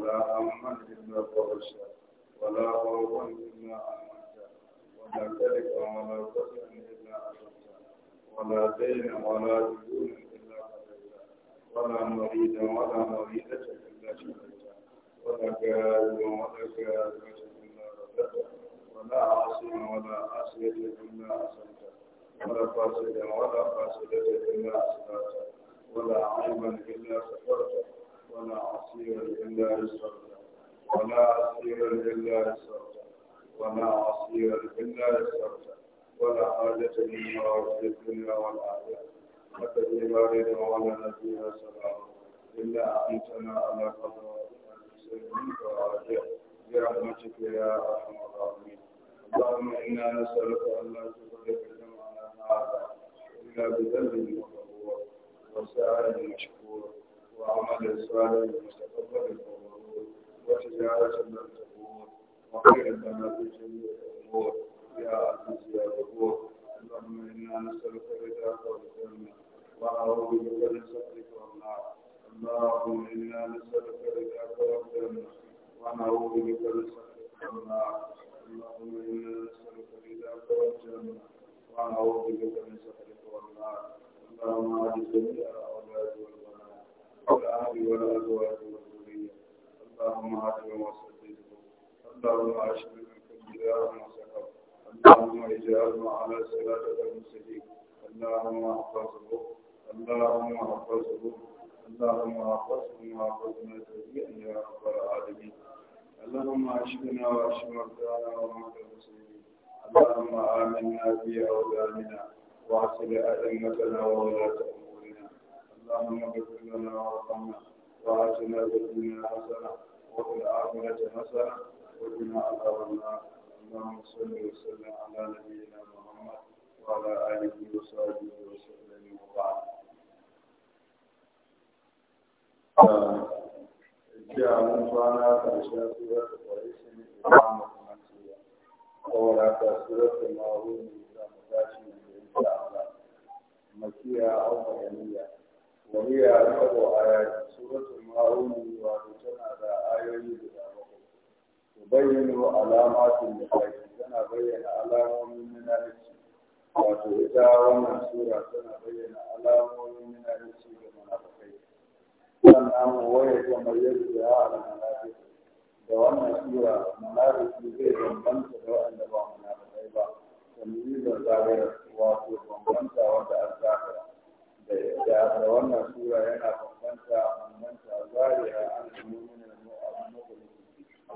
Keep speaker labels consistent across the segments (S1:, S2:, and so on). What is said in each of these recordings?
S1: ولا أمن إلا فرشا ولا خوفا إلا أمنتا ولا تلك ولا قتلا إلا أمنتا ولا دينا ولا ديون إلا قضيته ولا مريدا ولا مريدة إلا شفيته ولا كاذب ولا كاذبة إلا ردتا ولا عاصي ولا عاصية إلا أصلته ولا فاسد ولا فاسدة إلا أصلاته ولا عيبا إلا سفرته ولا عصير إلا رسولته ولا عصير إلا رسولته ولا عصير إلا رسولته ولا حاجة من في الدنيا والآخرة لقد بارد على نبينا سلام إلا أنتنا على قدر منك وراجع برحمتك يا أرحم الراحمين اللهم إنا نسألك أن لا تفرق جمعنا هذا إلا بذنب مقبول وسعي مشكور وعمل صالح متقبل ومقبول وتجارة لم تقوم وخير لنا في جميع الأمور يا عزيز يا غفور اللهم إنا نسألك رضاك والجنة ونعوذ بك من سخطك والنار اللهم إنا نسألك رضاك والجنة ونعوذ بك من سخطك والنار اللهم إنا نسألك رضاك والجنة ونعوذ بك من سخطك والنار اللهم أعز جميع الأولاد والأولاد اللهم عافهم على صراطك المستقيم اللهم احفظه اللهم احفظه اللهم احفظه واحفظنا جميعا يا رب العالمين اللهم اشفنا واشف مرضانا ومرضى المسلمين اللهم امنا في اولادنا واصل ائمتنا وولاة امورنا اللهم اغفر لنا وارحمنا وآتنا في الدنيا حسنة وفي الآخرة حسنة وقنا عذاب النار اللهم صل وسلم على نبينا محمد وعلى آله وصحبه وسلم وبعد جاء من فانا فنشاء سورة قريش إمام المنسية ولا سورة المعروف من إسلام تاشي من إسلام مكية وهي أربع آيات سورة المعون وتنا على آيات تبين علامات النفاق تنا بين علامات من النفس وتؤتى ومن سورة تنا بين علامات من النفس المنافقين sannan waye kamar yadda ya ala munafiki da wannan sura munafiki zai bambanta da wanda ba munafikai ba tamyiz da wato bambanta wanda da wannan sura yana bambanta bambanta zariya an mu'minin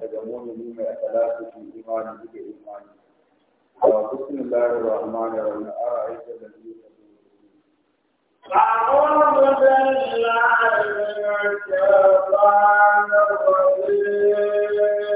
S1: daga mu'mini mai salatu fi imani duka imani wa bismillahir rahmanir rahim ara'aita alladhi
S2: أعوذ بالله من الشيطان الرجيم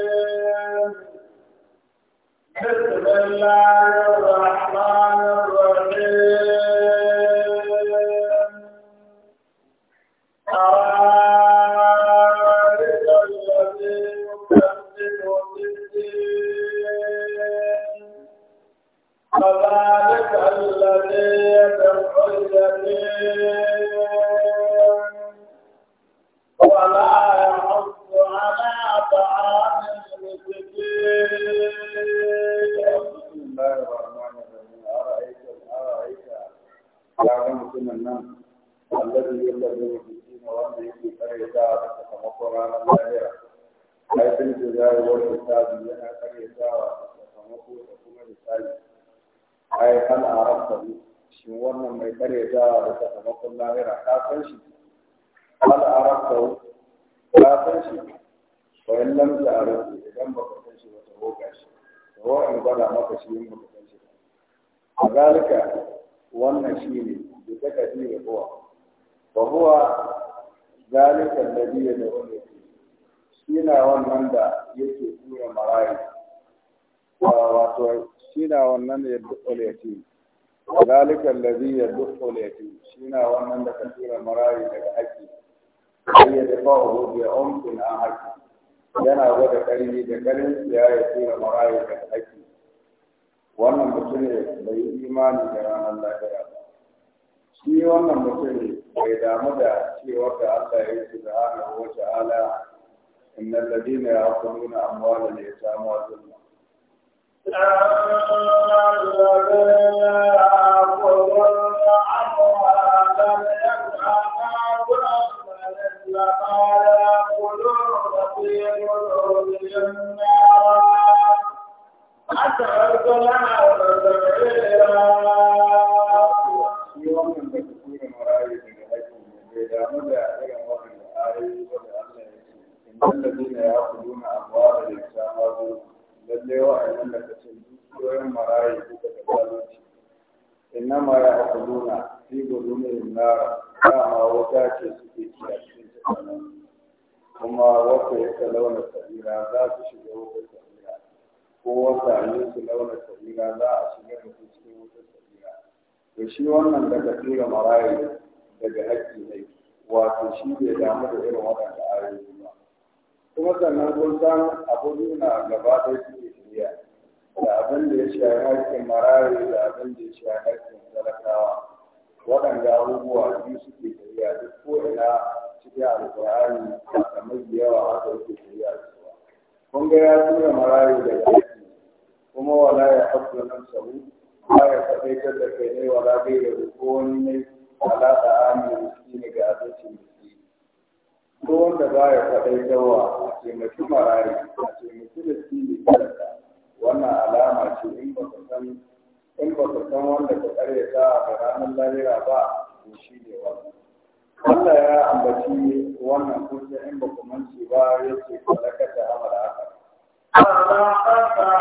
S1: mutumin nan الذي يبلغ الدين وأن يكون كريتا وتتمكن على الظاهرة حيث sakamakon والحساب لنا كريتا وتتمكن تكون رسالة أي هل عرفت شن wannan mai karyata da sakamakon lahira ka san shi hal arabta ka san shi fa in a ta'rif idan baka san shi ba tawo gashi tawo in gwada maka shi in baka san shi ba a zalika wannan shi ne بتكفير هو وهو ذلك الذي يدعون shina wannan da yake tura marayi wato shina wannan da ya dukkule ya ce zalika allazi ya dukkule ya ce shina wannan da ka tura marayi daga haƙƙi sai ya dafa uhu bi umkin an haƙƙi yana gwada ƙarfi da ƙarfin siya ya tura marayi daga haƙƙi wannan mutum ne bai imani da ranar lahira ba shi wannan mutum bai damu da cewa da Allah ya ce da hana wa ta'ala innal ladina ya'kuluna amwala la yatama zulma
S2: أترك لنا
S1: damu da irin waɗanda ayoyi Allah ya ce innal ladina ya'kuluna amwala al-yatama lalle wa'annan da kace da zalunci innama ya'kuluna fi budunin dama wata ce suke ci a cikin tsakanin kuma za su shiga wutar su launa za a shiga cikin wutar sabira shi wannan daga tura marayi daga haƙƙi ne wato shi bai damu da irin waɗanda ayoyi ba kuma sannan kun san abubuwan na gaba da suke shirya da abin da ya shiga haƙƙin marayu da abin da ya shiga haƙƙin talakawa waɗanda abubuwa biyu suke shirya duk ko ina cikin alƙur'ani ba kamar yawa haka yake shirya da kun ga ya tura marayu da yaƙi kuma wala ya haƙƙo nan sabu ba ya kaɗaitar da kai ne wala bai da ko wani ne ala da shi ne ga abincin da miskini ko wanda ba ya faɗai dawa a taimaki marayi a taimaki miskini kansa wannan alama ce in ba ka san in ba ka san wanda ka karyata a ranar lahira ba to shi ne wannan Allah ya ambaci wannan kusa in ba ku manci ba ya ce kwalaka da amara haka. Kwalaka da amara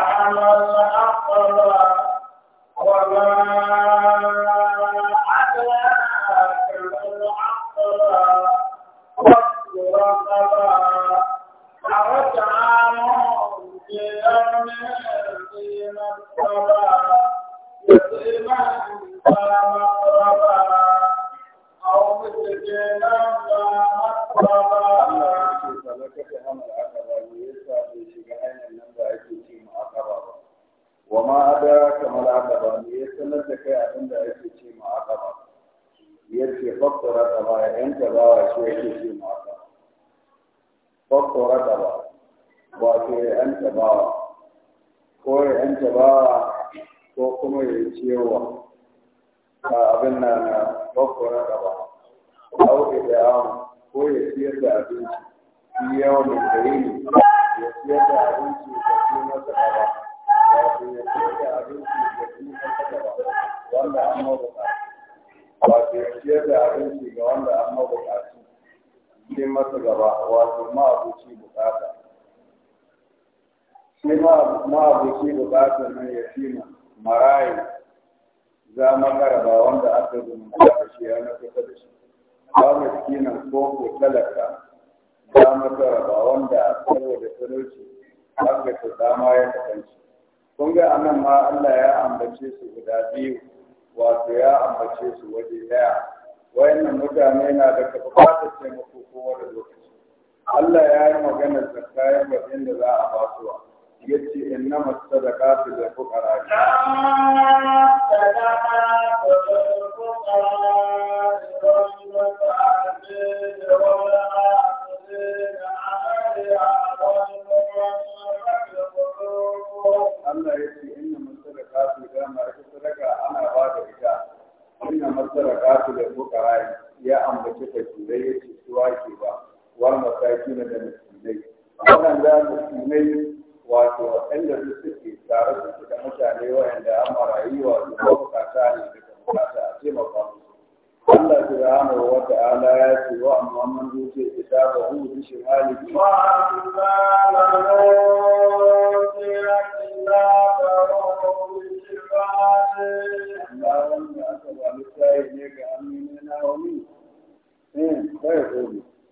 S2: haka ba, kwalaka
S1: من الصبا يطعما ذا مقربا أو مسكينا ذا مقربا
S2: وما أدراك ما العقبة
S1: يسألت لك أبن لا يسألت ما عقبة يرسي فقط رقبة أنت لا يسألت ما عقبة فقط رقبة وكي أنت باوة ko ya yanta bawa ko kuma ya cewa a abin na na bakwara gaba au da amu ko ya siyar da abinci shi yawa mai gari ne ya siyar da abinci da su na gaba ba ya siyar da abinci da na ta gaba wanda an ba wato ya siyar da abinci ga wanda an mabukaci shi masa gaba wato ma abuci bukata sai ma'abuki bukatar nan ya fi marayi za makaraba wanda aka zumunta da shi ya na kusa da shi ba mu miskinan ko ko talaka za makaraba wanda saboda talauci aka ta dama ya kasance kun ga anan ma Allah ya ambace su guda biyu wato ya ambace su waje daya wayannan mutane na da kafafatar taimako kowane lokaci Allah ya yi maganar zakka ya da za a basuwa yace innama sadaqatu lil fuqara
S2: sadaqatu lil
S1: Allah ya ce inna masadaqatu da ma ita sadaka ana ba da ita inna masadaqatu lil fuqara ya ambace fakirai yace suwa ke ba wal masakin da miskinai wannan da miskinai wato waɗanda su suke tare da su mutane waɗanda an marayuwa, wato ko bukata ne daga bukata a taimaka musu Allah subhanahu wa ta'ala ya ce wa amma man zuce ita ba hu bi wa amma
S2: man zuce ita ba hu bi shimali Allah wanda aka ba littafi ne ga amina na wani eh kai ko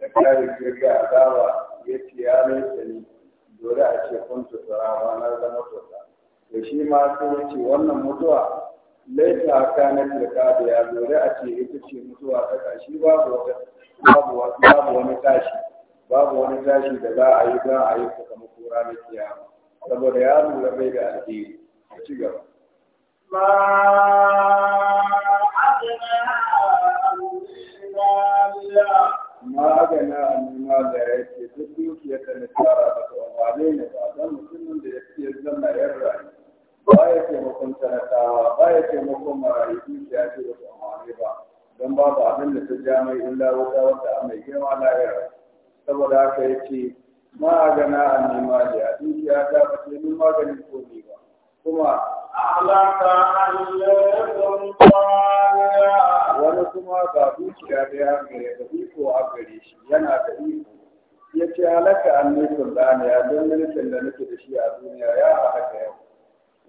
S1: da kare kirga azaba ya ce ya laita ni dole a ce kun tutura na zama tutura da shi ma sai ce wannan mutuwa laita ka na kirga da ya dole a ce ya ce mutuwa ta kashi babu wata babu wani tashi babu wani tashi da za a yi za a yi sakamako ranar kiyama saboda ya lura bai da alheri a ci gaba ما
S2: أغنى عن ماليا magana
S1: a ga da ya duk dukiyar da na tara da ta amfane ne ba don mutumin da ya ce zama yan rayu ba ya taimakon talakawa ba ya taimakon marayu dukiya ce da ta ba don babu abin da ta ja mai illa wuta wata a mai girma na yara saboda haka ya ce magana a da ya dukiya ta ba ce ni maganin komi ba kuma أعلم أن لكم
S2: طالعا wani
S1: kuma ba dukiya da ya mai da iko a gare shi yana da iko ya ce halaka an da ne a don mulkin da nake da shi a duniya ya halaka yau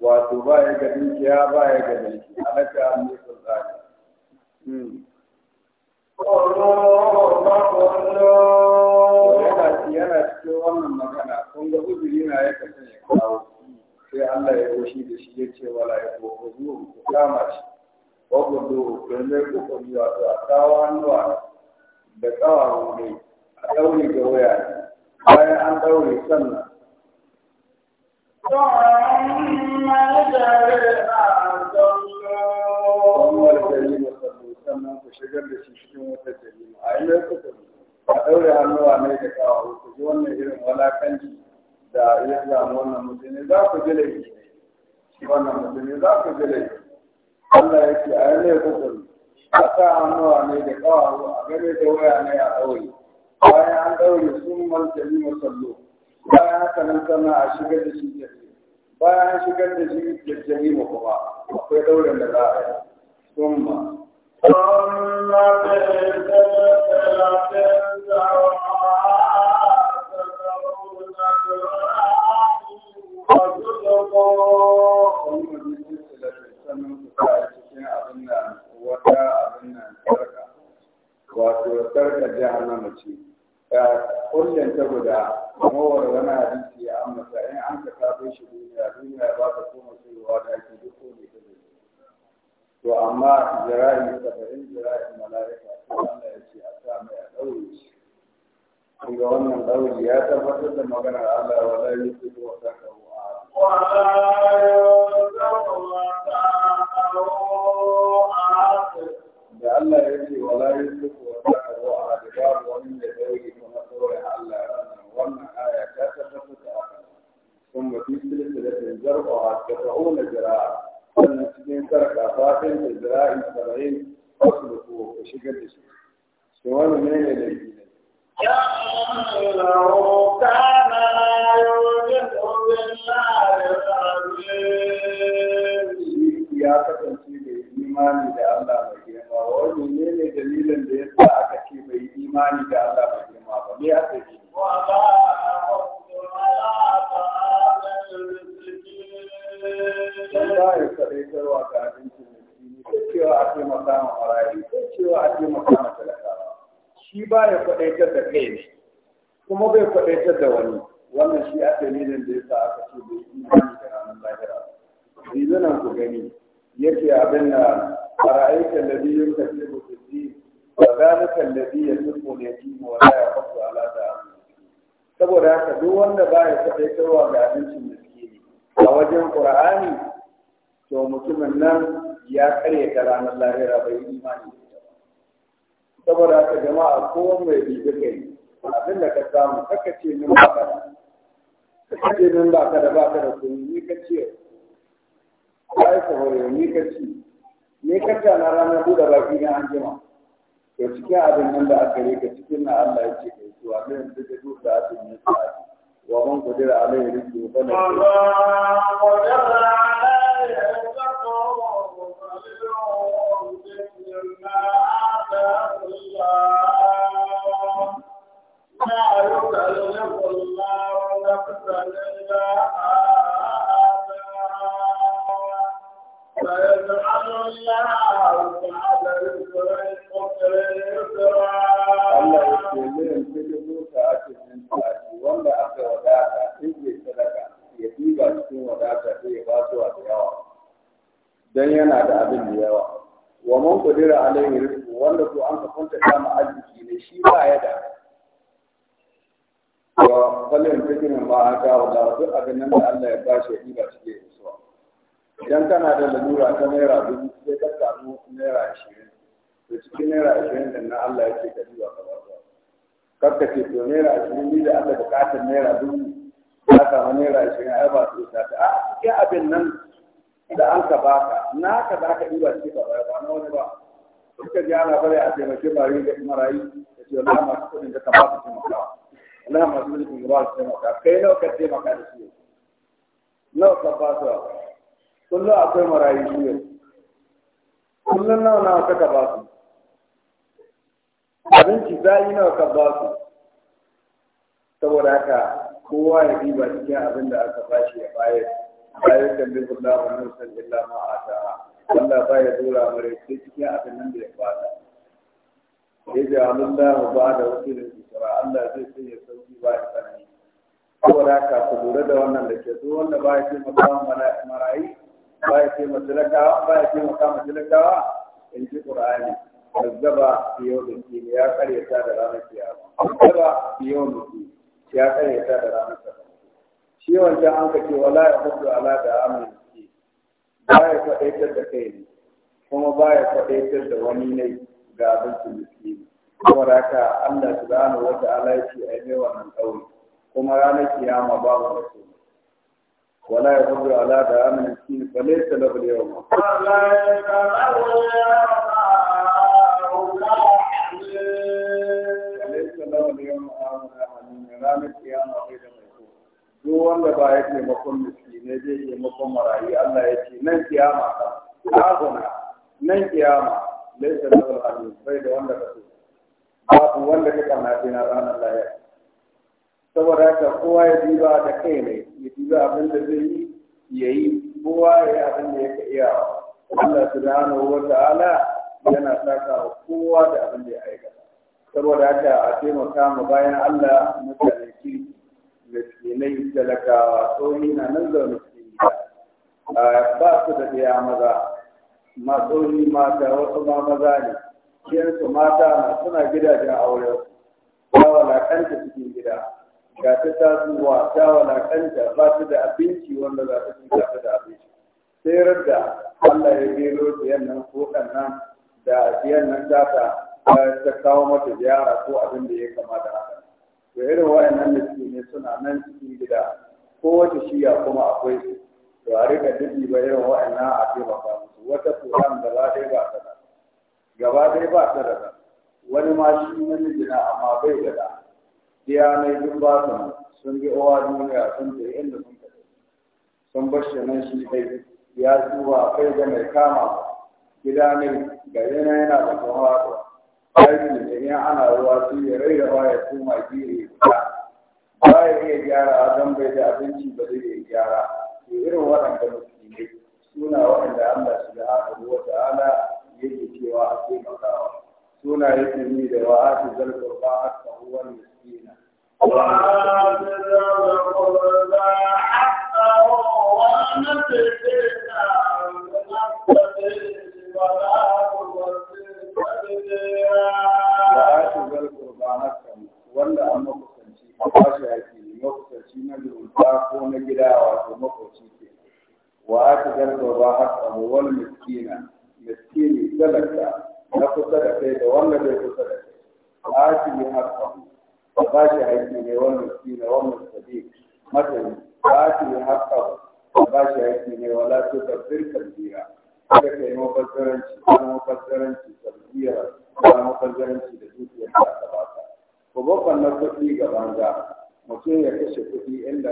S1: wato ba ya ga dukiya ba ya ga mulki halaka an da sultana yana cikin wannan magana kun ga uzuri na ya kasance kawo sai Allah ya goshi da shi ya ce wala ya gobe zuwa ku kama shi wakudu domin kukuni wato a tsawa hannuwa da tsawa ne a daure ga waya bayan an daure sannan sannan ku shigar da shi cikin wata jarima a yi mai a hannuwa da tsawa ku ji wannan irin walakanci ya samu wannan mutum ne wannan za ku Allah ya ce a yi ne kukuri a sa hannuwa ne da kawawa a game da waya ne a ɗaure bayan an ɗaure sun martani musallo bayan haka nan a shigar da shi jahili bayan an shigar da shi da ma kuma akwai ɗaurin da za a yi sun ma. ثم
S2: بالسلسلة سواء تدعون
S1: الرحيم وتدعون sannan su sa cikin abin nan wata abin nan sarka wato sarka jahannama ce kullum ta guda mawar wani hadisi ya ambata in an ka tafi shi duniya duniya ba ta koma cewa da ake duk kome to amma jira'i in jira'in mala'ika ko Allah ya ce a sa mai a ɗaure shi kun ga wannan ɗaure ya tabbatar da maganar Allah wala yusufu wa sakahu a wala
S2: yusufu da Allah ya ce wala ya ce
S1: ko wata ka zo a babu wani da dauke kuma saboda Allah ya rana wannan aya ta tabbata ta haka sun mutu silsilatin zarqa ta ta'una jira'a wannan cikin sarƙa fatan da jira'i saba'in wasu da ko ka shigar da shi shi wani ne ne da yi ne. يا ya kasance da imani da Allah mai girma wani ne ne dalilin da ya sa aka ce bai imani da Allah mai girma ba me aka yi dan da ya kare tarwa ta abinci ne sai cewa a ce maka ma marayi sai cewa a ce maka ma talakawa shi ba ya kwadaitar da kai ne kuma bai kwadaitar da wani wannan shi a dalilin da ya sa aka ce bai imani da ranar lahira yanzu nan ku gani yake abin na أرأيت الذي يكذب بالدين وذلك الذي يسب اليتيم ولا يحض على طعام saboda haka duk wanda ba ya taɓaitarwa ga abincin miskini a wajen ƙur'ani to mutumin nan ya karya ta ranar lahira bai yi imani saboda haka jama'a kowan mai bibi kai abin da ka samu kaka ce min ba ka da kaka ce ba ka da ba ka da kuma ni ka ce ai ka hore ni ka ci ne ka ta na ranar buɗe baki na an jima to cikin abin nan da aka rika cikin na Allah ya ce yi zuwa ne da ta duk da abin ne ta wa man qadira alaihi rizqu fa la qadira alaihi kodira alaihi rizqu wanda ko an ka ta ma arziki ne shi ba ya da wa falin fikin ma aka wa da duk abin nan da Allah ya ba shi riba cike so idan kana da lalura ta naira dubu sai ka samu naira 20 to cikin naira 20 din nan Allah ya ka riba ka ba karka ce to naira 20 ni da aka bukatar naira dubu ka samu naira 20 ai ba su ta a cikin abin nan da an ka baka naka za ka riba cike ka ba na wani ba suka ji ana bari a taimake bari da marayi da ce wallahi masu kudin da ka ba su taimakawa wallahi masu mulkin ba su taimaka kai nawa ka taimaka da su nawa ka ba su kullum akwai marayi shi ne. kullum nawa nawa ka ba su abinci zai nawa ka ba su saboda haka kowa ya diba cikin abin da aka bashi ya bayar bayar da bin kullum wa nursan illa ma a ta'a Allah ba ya dora mare sai cikin abin nan da ya fada ya ji Allah ba da wasu da kusura Allah zai sanya sauki ba ya tsanani saboda haka ku lura da wannan da ke so wanda ba ya taimaka marayi ba ya taimaka talakawa ba ya taimaka ma talakawa in ji Qur'ani kazzaba fi yawmin qiyam ya karyata da ranar kiyama kazzaba fi yawmin qiyam ya karyata da ranar kiyama shi wanda an kace wala ya hudu ala da amin baya faɗaitar da kai ne kuma baya faɗaitar da wani ne ga abinci miskini Kuma raka, Allah su wa wata ya a yi wannan kauli kuma ranar kiyama ba babu mutum ولا يضر على دعام المسكين فليس له اليوم فليس له اليوم آمن آمن رامك يا Duk wanda دو ya بايت لمكون ne zai yi makon marayi Allah ya ce nan kiyama ta azuna nan kiyama laisa da alhamdu bai da wanda ka so babu wanda ka kana na ranar lafiya saboda haka kowa ya diba da kai ne ya diba abin da zai yi ya yi kowa ya yi abin da ya ka iya Allah subhanahu wa ta'ala yana saka wa kowa da abin da ya aikata saboda haka a taimaka mu bayan Allah mutane kirki miskinai talakawa tsohi na nan zaune cikin gida ba su da ɗaya maza ma tsohi mata wasu ma maza ne kiyansu mata na suna gidajen auren ba walakanta cikin gida ga ta tasowa ta walakanta ba su da abinci wanda za ta ci ta da abinci sai radda Allah ya gero da yannan ko nan da nan data ta kawo mata ziyara ko abin da ya kamata haka da irin da miski ne suna nan cikin gida kowace shiya kuma akwai su to a rika dubi ba irin waɗannan a taimaka musu wata tsoron ta yi ba ta da gaba dai ba ta da wani ma shi na na amma bai da da diya ne duk ba su sun bi owa duniya sun je inda sun ka sun bar shi nan shi kai. ya tsuwa kai da mai kama gida ne ga yana yana da tsohon bayan da in ana ruwa su ya rairawa ya koma gere guda ba ya iya gyara don bai da abinci ba zai iya gyara to irin waɗanda musulmai suna waɗanda Allah subhanahu wa ta'ala yake cewa a taimakawa suna yake ni da wa ati zalqa ba a huwa miskina wa
S2: ati zalqa ba aka huwa miskina wa la da
S1: ake zar kurbanar kan wanda an makusanci a kwashe ake makusanci na zumunta ko na gida wato makwabci ke wa ake zar kurbanar kan wani miskina miskini talaka na kusa da kai da wanda bai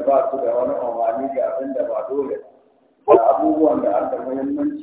S1: ba su da wani amfani da abin da ba dole da abubuwan da aka muhimmanci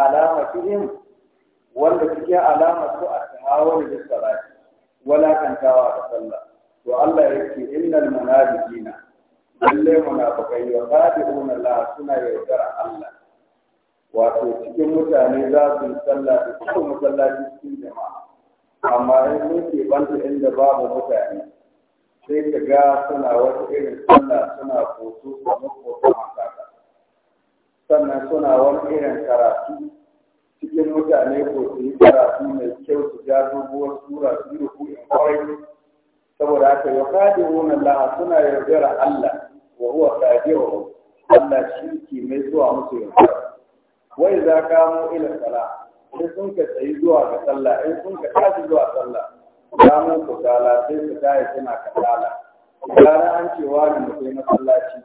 S1: alamatihim wanda suke su a tahawul da salati wala kantawa da sallah to Allah yake innal munafiqina lalle munafiqai wa qadiuna la suna yaudara Allah wato cikin mutane za su yi sallah da cikin masallaci cikin jama'a amma in ke banta inda babu mutane sai ka ga suna wata irin sallah suna koto da makotan haka sannan suna wani irin karatu cikin mutane ko su yi karatu mai kyau su ja dubuwar sura su yi in kwarai saboda haka ya kaɗe wani laha suna yardar Allah wa huwa wa Allah shi ke mai zuwa musu yardar wai za ka mu ila sala in sun ka tsayi zuwa ga sallah in sun ka tashi zuwa sallah Za mu ku sai su tashi suna kasala gara an ce wani mutum masallaci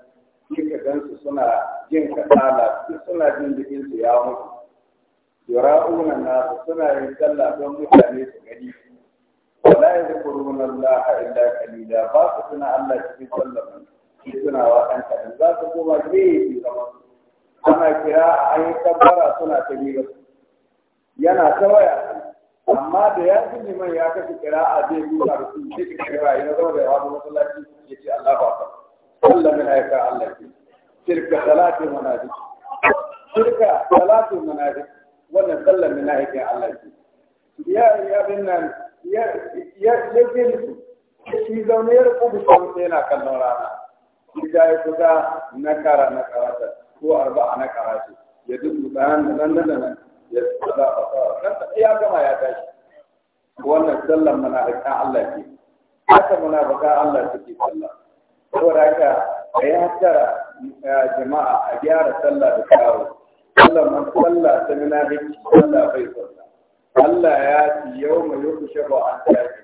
S1: kika gansu suna jin kasala duk suna jin su ya mutu yura'una na suna yin sallah don mutane su gani wala yadhkuruna Allah illa qalila ba su tuna Allah cikin sallah ki suna wa kan kadan za su koma gefe kamar ana kira ayi tabbara suna ta wasu. yana ta waya amma da ya fi neman ya kashe kira a zai duka da su shi kira ya zama da ya wani masallaci ya ce Allah ba ka Allah min aika Allah ke shirka salatin munafiq shirka salatin munafiq wannan sallar min aika Allah ke ya ya binnan ya ya yake shi zaune ya rubu sai yana kallon rana ya yi kusa na kara na karata ko arba'a na karatu ya duk bayan nan nan nan ya tsada a tsara ya gama ya tashi wannan sallar munafiqan Allah ke haka munafiqan Allah suke sallah a yi hattara jama'a a gyara sallah da kawo sallah man sallah ta nuna da sallah bai sallah Allah ya ci yau mai yau ku shafa an tafi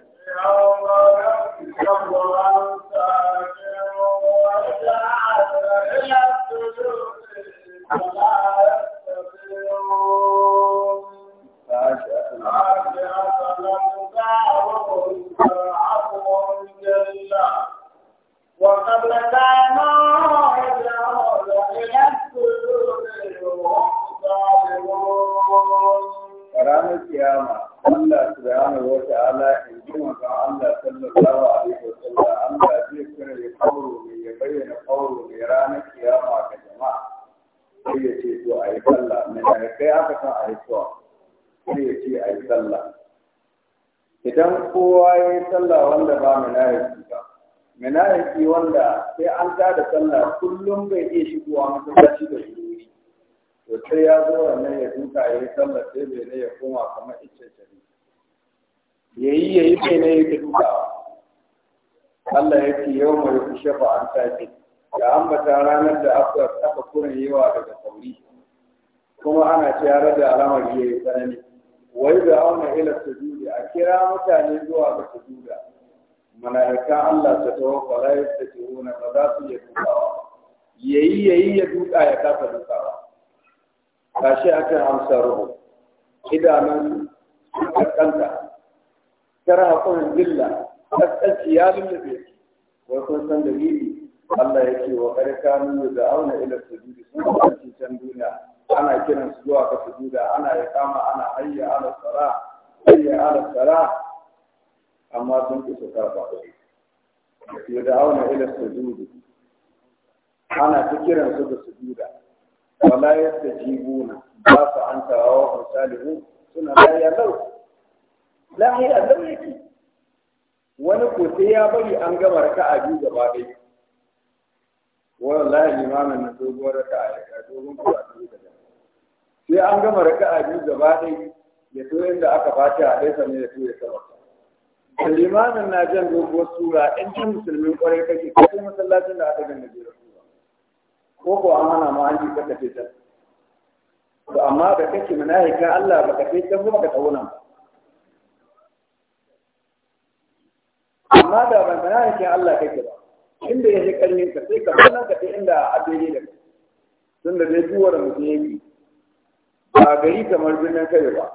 S2: Thank you. وقبل ما يدعون إلى
S1: ranar kiyama Allah subhanahu wa ta'ala in ji maka Allah sallallahu alaihi wa sallam Allah zai kira ya kauro ne ya bayyana kauro ne ranar kiyama ga jama'a sai ya ce to ayi sallah mai da kai aka san ayi to sai ya ce ayi sallah idan kowa ya yi sallah wanda ba mu na yi ba munafiki wanda sai an ta da sallah kullum bai iya shigowa masallaci da shi to sai ya zo wannan ya duka yi sallah sai bai ne ya koma kamar icce yi yayi yayi bai ne ya duka Allah ya ce yau mai ku shafa an tafi da ambata ranar da aka aka kurin yawa daga sauri kuma ana tare da alamar yayi tsanani wai da auna ila sujudi a kira mutane zuwa ga sujuda malaika Allah ta tawo falayar da ke wuna ba za su iya dukawa yayi yayi ya duka ya kafa dukawa shi aka hamsa ruhu idanun kankanta kara hakunan jilla kaskanci ya lullube wai kun san da dalili Allah ya ce wa karkanu da auna ila sujudi sun kasance can duniya ana kiran su zuwa ka sujuda ana ya kama ana hayya ala sara hayya ala sara amma sun ƙi su karɓa yadda auna ila sujudu ana ta kiran su da sujuda wala yastajibuna ba su an tawawa wa salihu suna lahiya lau lahiya lau yake wani ko sai ya bari an gama a biyu gaba ɗaya
S2: wallahi limamin na
S1: dogon raka a yaka dogon a karatu da sai an gama a biyu gaba ɗaya ya to inda aka fata a ɗaya sami ya to ya tabbata limamin na jan doguwar sura in ta musulmin kwarai kake kai masallacin da aka ganda jira ko ko an hana ma an ji ka tafi ta to amma da kake munafika Allah ba ka kai ta ba ka tauna amma da ban munafikin Allah kake ba inda ya shi karnin ka sai ka sanar ka inda a daidai da kai tun da dai duwar mutum ya yi ba gari kamar birnin kai ba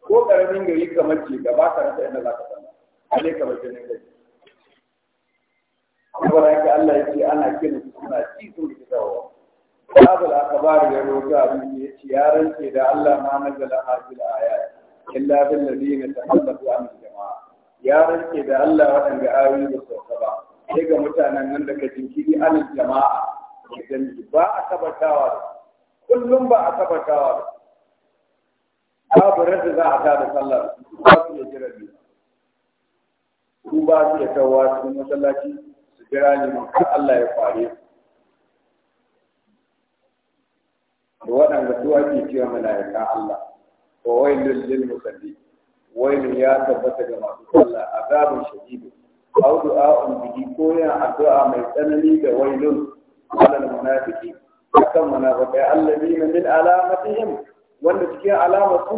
S1: ko karamin gari kamar ce ba ka rasa inda za ka sanar kare ka bace ne kai kamar haka Allah yake ana kiran suna ci sun ki dawo babu al-akhbar ya roga abin da ya ce ya rance da Allah ma nazala hadil ayat illa bil ladina tahallafu an jamaa ya rance da Allah wadanda ayoyi da sauka ba sai ga mutanen nan da ka jinkiri an jama'a idan ba a tabbatawa kullum ba a tabbatawa babu rasa za a tada sallar ba su ya jira biyu su ba su da kawo cikin masallaci su jira ne kar Allah ya fare su da waɗanda su ake cewa mala'ika Allah ko wai lullun musalli ne ya tabbata ga masu sallah shahidu shadid du'a un bihi ko ya addu'a mai tsanani da wailun alal munafiqi akan munafiqai alladhina min alamatihim wanda cikin alamatu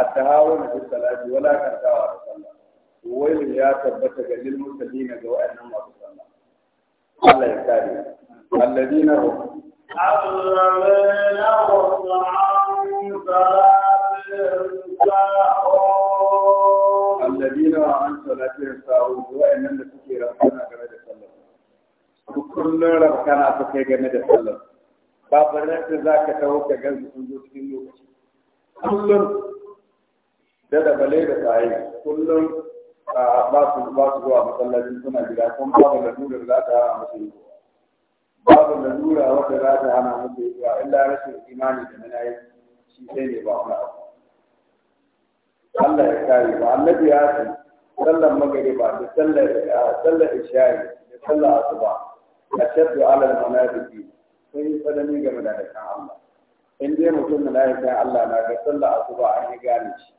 S1: at-tahawun fi salati wala kantawa da sallah ويل يا ثبت للمسلمين جواء انما صلى الله يكاري الذين هم
S2: الذين هم عن صلاتهم ساهون الذين عن صلاتهم
S1: ساهون جواء انما تكي ربنا كما تصلى كل ربنا تكي كما تصلى باب الرحمه ذاك توكا قلب سندوس في كل ده ده بليغه صحيح كل ba su ba su zuwa masallaci suna gida kuma babu lalurar za ta hana musu yi babu lalura wata za ta hana musu yi wa illa rashin imani da muna yi shi sai ne ba wani abu Allah ya kare ba annabi ya ce sallar magariba da sallar sallar isha'i da sallar asuba a shaddu alal munafiki sun yi tsanani game da dakan Allah in dai mutum na yi Allah na ga sallar asuba an yi gane shi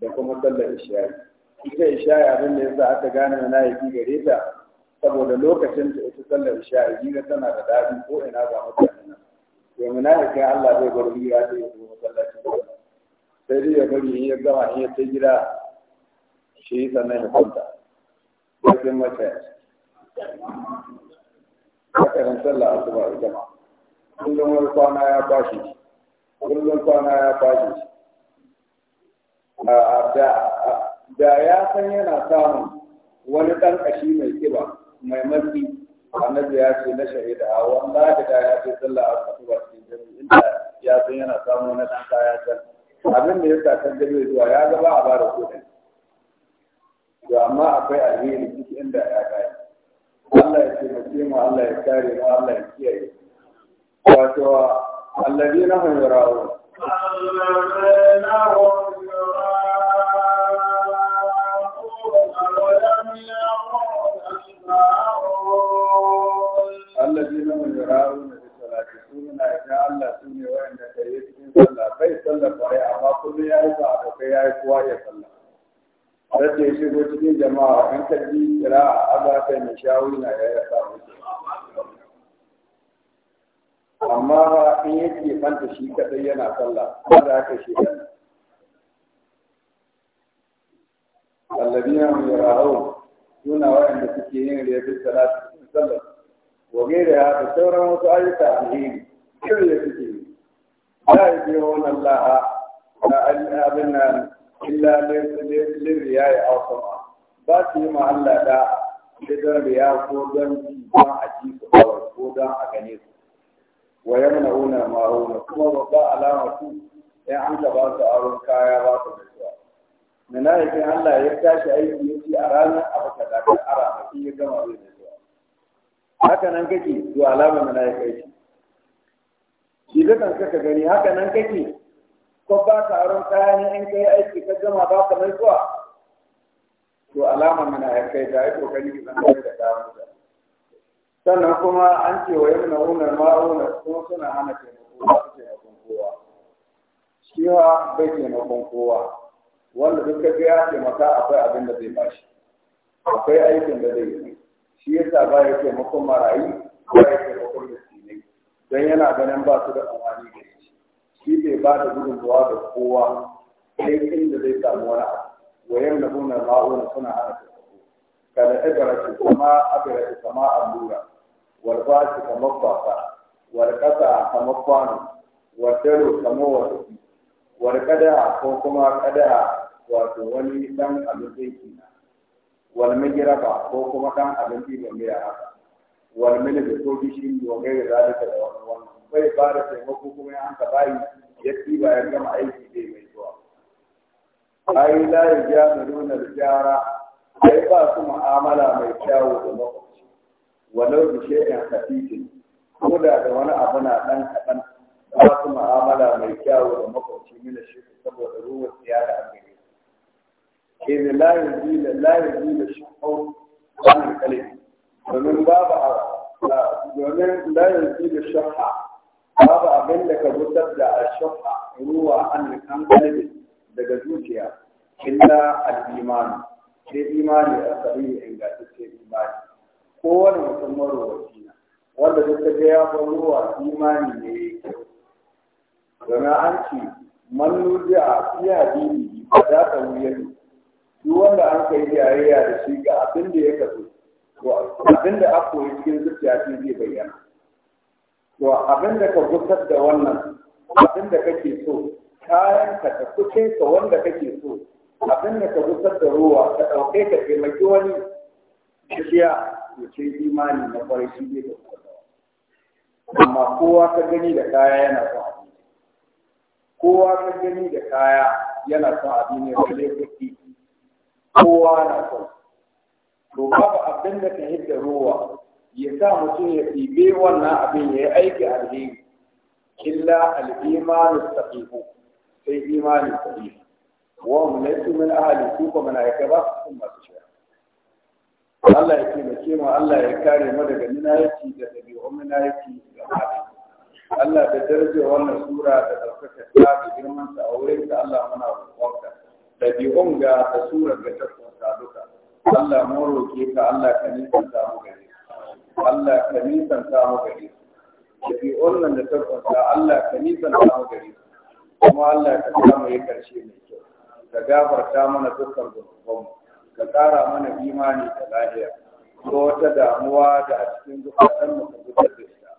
S1: da kuma sallar isha'i ita isha'i abin da yasa aka gane na laifi gare ta saboda lokacin da ita sallar isha'i hira tana da daɗi ko ina ga mutane nan to munafikin Allah zai bar hira ta yi zuwa masallaci sai dai ya bari in ya gama in ya ta gida shi sannan ya kwanta sai mace hakanan sallah asuba da jama'a kullum wani kwana ya bashi kullum kwana ya bashi a da ya san yana samun wani ɗan ƙashi mai ƙiba mai matsi annabi ya ce na shahida a wanda da da ya ce sallah a kasu ba cikin jami'i inda ya san yana samun wani ɗan kaya can abin da ya sa kan jami'i zuwa ya zama a ba da kuɗi to amma akwai alheri ciki inda ya kai Allah ya ce mu mu Allah ya kare mu Allah ya kiyaye wato alladina hum yarawun الذين هم يراون بالصلاة سنة يا الله سنة وإن كيف صلى بي صلى فري أما كل يا إبا وكي أكوا يصلى رجع يشوف تجي جماعة أنت دي قراءة أبا كان يشاوينا يا amma in yake fanta shi kadai yana sallah ba za ka shi kadai الذين هم يراهون suna waɗanda suke yin riyabin salatu cikin sallar da ya da sauran wasu ayyuka alheri irin da suke yi la yudiruna Allah la abin nan illa lil ya aw sama ba su yi ma da da don riya ko don ji don a ji su kawai ko don a gane su wa yamna'una ma'una kuma babba alama su in an ka ba su aron kaya ba su mutuwa da na Allah ya tashi aiki ya ce a rana a baka da ka ara a cikin gama zai da zuwa haka nan kake to alama na ya kai shi shi da kan ka gani haka nan kake ko ba ka aron kayan ne in kai aiki ka gama ba ka mai zuwa to alama na ya kai da ai kokari ki san da ka sannan kuma an ce wa yamna unar ma'una kuma suna hana taimako ba su taimakon kowa shi bai taimakon kowa wanda duk kaga ya mata akwai abin da zai bashi akwai aikin da zai yi shi yasa ba ya taimakon marayu ba ya taimakon ne don yana ganin ba su da amfani da shi shi bai ba da gudunmawa da kowa sai inda zai samu wani abu wayan na nuna ma'auna suna hana ta kada ibara kuma abira kama allura wal bashi kama kwafa wal kasa kama kwano wal dalo kama wasuki wal kada ko kuma kada wato wani dan abinci kina wal majraba ko kuma dan abinci mai mira haka wal bi ko gishin da wani zalika da wani wannan bai ba da taimako kuma an ka bayi ya ba ya gama aiki dai mai zuwa ai la yajamiruna da jara ai ba su mu'amala mai kyawu da makwabci walau bi shay'in khafifin ko da da wani abu na dan kadan ba su mu'amala mai kyawu da makwabci mina shi saboda ruwan tsiya da aka إن إيه لا يزيل لا يزيل الشحوم عن الكلمة ومن باب ومن لا يزيل الشحة بابا من لك بتبدا الشحة روى عن الكلمة دجوجها إلا الإيمان الإيمان الصحيح إن جاءت الإيمان هو المسمر وسيلة wanda duk kaje ya ruwa imani ne yake domin an ce man nuji duk wanda an kai yayaya da shi ga abin da ya kaso to abin da aka koyi cikin zuciya shi zai bayyana to abin da ka gusar da wannan abin da kake so kayan ka ta kuce ka wanda kake so abin da ka gusar da ruwa ka ɗauke ka taimaki wani shiya to sai imani na kwarai shi zai ka amma kowa ka gani da kaya yana so abin kowa ka gani da kaya yana so abin ne da kuɗi kowa na so to babu abin da ka hidda ruwa ya sa mutum ya ɗibe wannan abin ya yi aiki alheri illa al'imanu sahihu sai imanin sahihu wa mun laifi min ahali su ko malaika ba su sun masu shaya Allah ya taimake mu Allah ya kare mu daga minayaci da ɗabi'un minayaci da hali Allah da darajar wannan sura da ɗaukaka ta da girman ta a wurin da Allah muna roƙonka ɗabi'un ga da surar ga ta duka Allah mu ka Allah ka samu mu Allah ka samu mu ɗabi'un nan da ta kunsa Allah ka samu mu kuma Allah ka samu ya karshe mai kyau ka gafarta mana dukkan zunubanmu ka tsara mana imani da lahiya ko wata damuwa da a cikin dukkan ka zubar da ita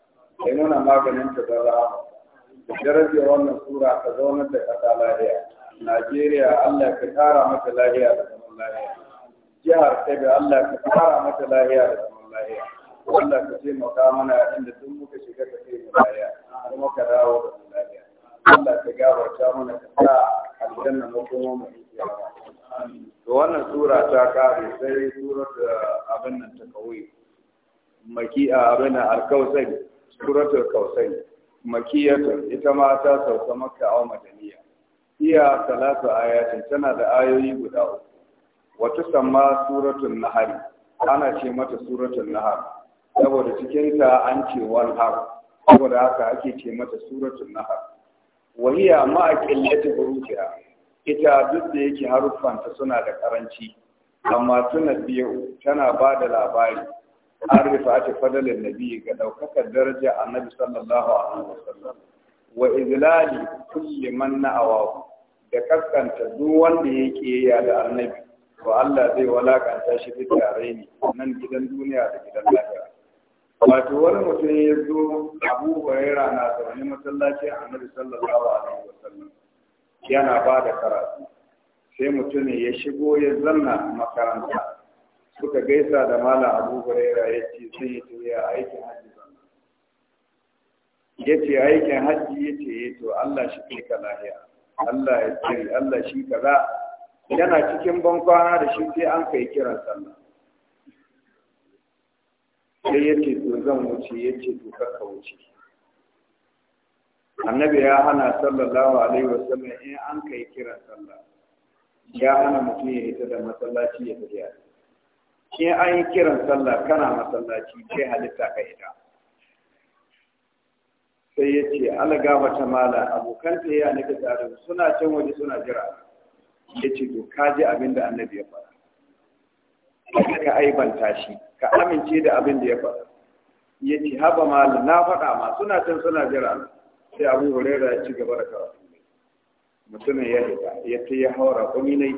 S1: ka nuna maganin ta da rahama da jarabe wannan sura ka zaunar da ƙasa lahiya Najeriya Allah ka kara mata lahiya da zaman lahiya. Jihar Kebbi Allah ka kara mata lahiya da zaman lahiya. Allah ka maka mana inda duk muka shiga ka ce mu lahiya kuma ka dawo da lahiya. Allah ka gabata mana ka sa aljanna mu kuma mu kiyama. To wannan sura ta kare sai surar abin nan ta kawai. a abin nan alkausai suratul kausai makiyatun ita ma ta sauka makka a madina hiya salatu ayatin tana da ayoyi guda uku wata suratun suratul nahari ana ce mata suratul nahar saboda cikinta an ce wal har saboda haka ake ce mata suratul nahar wa hiya ma'a qillati hurufiha ita duk da yake haruffanta suna da karanci amma tuna biyu tana ba da labari an rufa ta fadalin nabi ga daukakar daraja annabi sallallahu alaihi wasallam wa izlali kulli man na'awahu da kaskanta duk wanda ya ya da annabi to Allah zai walakanta shi duk tare raini nan gidan duniya da gidan lahira wato wani mutum ya zo Abu Hurairah na zaune masallaci Annabi sallallahu alaihi wasallam yana ba da karatu sai mutum ya shigo ya zanna makaranta suka gaisa da Malam abu huraira ya ce sai ya ce ya aikin hajji ya ce aikin hajji ya ce ya eh to Allah shi ke ka lahiya Allah ya tsari Allah shi kaza yana cikin bankwana da shi sai an kai kiran sallah sai ya ce to zan wuce ya ce to ka wuce annabi ya hana sallallahu alaihi wasallam in an kai kiran sallah ya hana mutum ya ita da masallaci ya tafiya in an yi kiran sallah kana masallaci sai halitta ka hita sai ya ce alaga mata mala abokan ta ya nufi tsarin suna can waje suna jira ya ce to ka ji abin da annabi ya faɗa ka aibanta shi ka amince da abin da ya faɗa ya ce haba mala na faɗa ma suna can suna jira sai abu hurera ya ci gaba da karatu mutumin ya riga ya ta ya haura kuni nai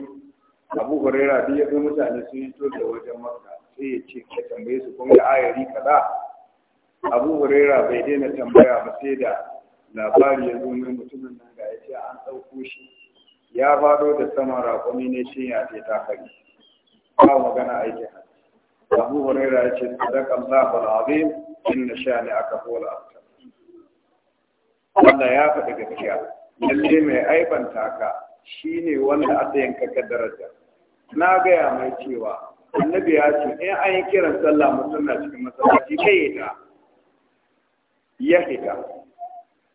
S1: abu hurera duk ya mutane sun yi to da wajen maka sai ya ce ka tambaye su kuma ya ayari kaza abu huraira bai daina tambaya ba sai da labari ya zo mai mutumin nan ga ya ce an ɗauko shi ya faɗo da sama raƙumi ne shi ya ce ta kari ba magana aiki aikin abu huraira ya ce sadaka allah al'azim inna shani aka fola abta Allah ya faɗi gaskiya lalle mai aibanta ka shine wanda aka yanka ka daraja na gaya mai cewa annabi ya ce in an yi kiran sallah mutum na cikin masallaci kai ya ya fita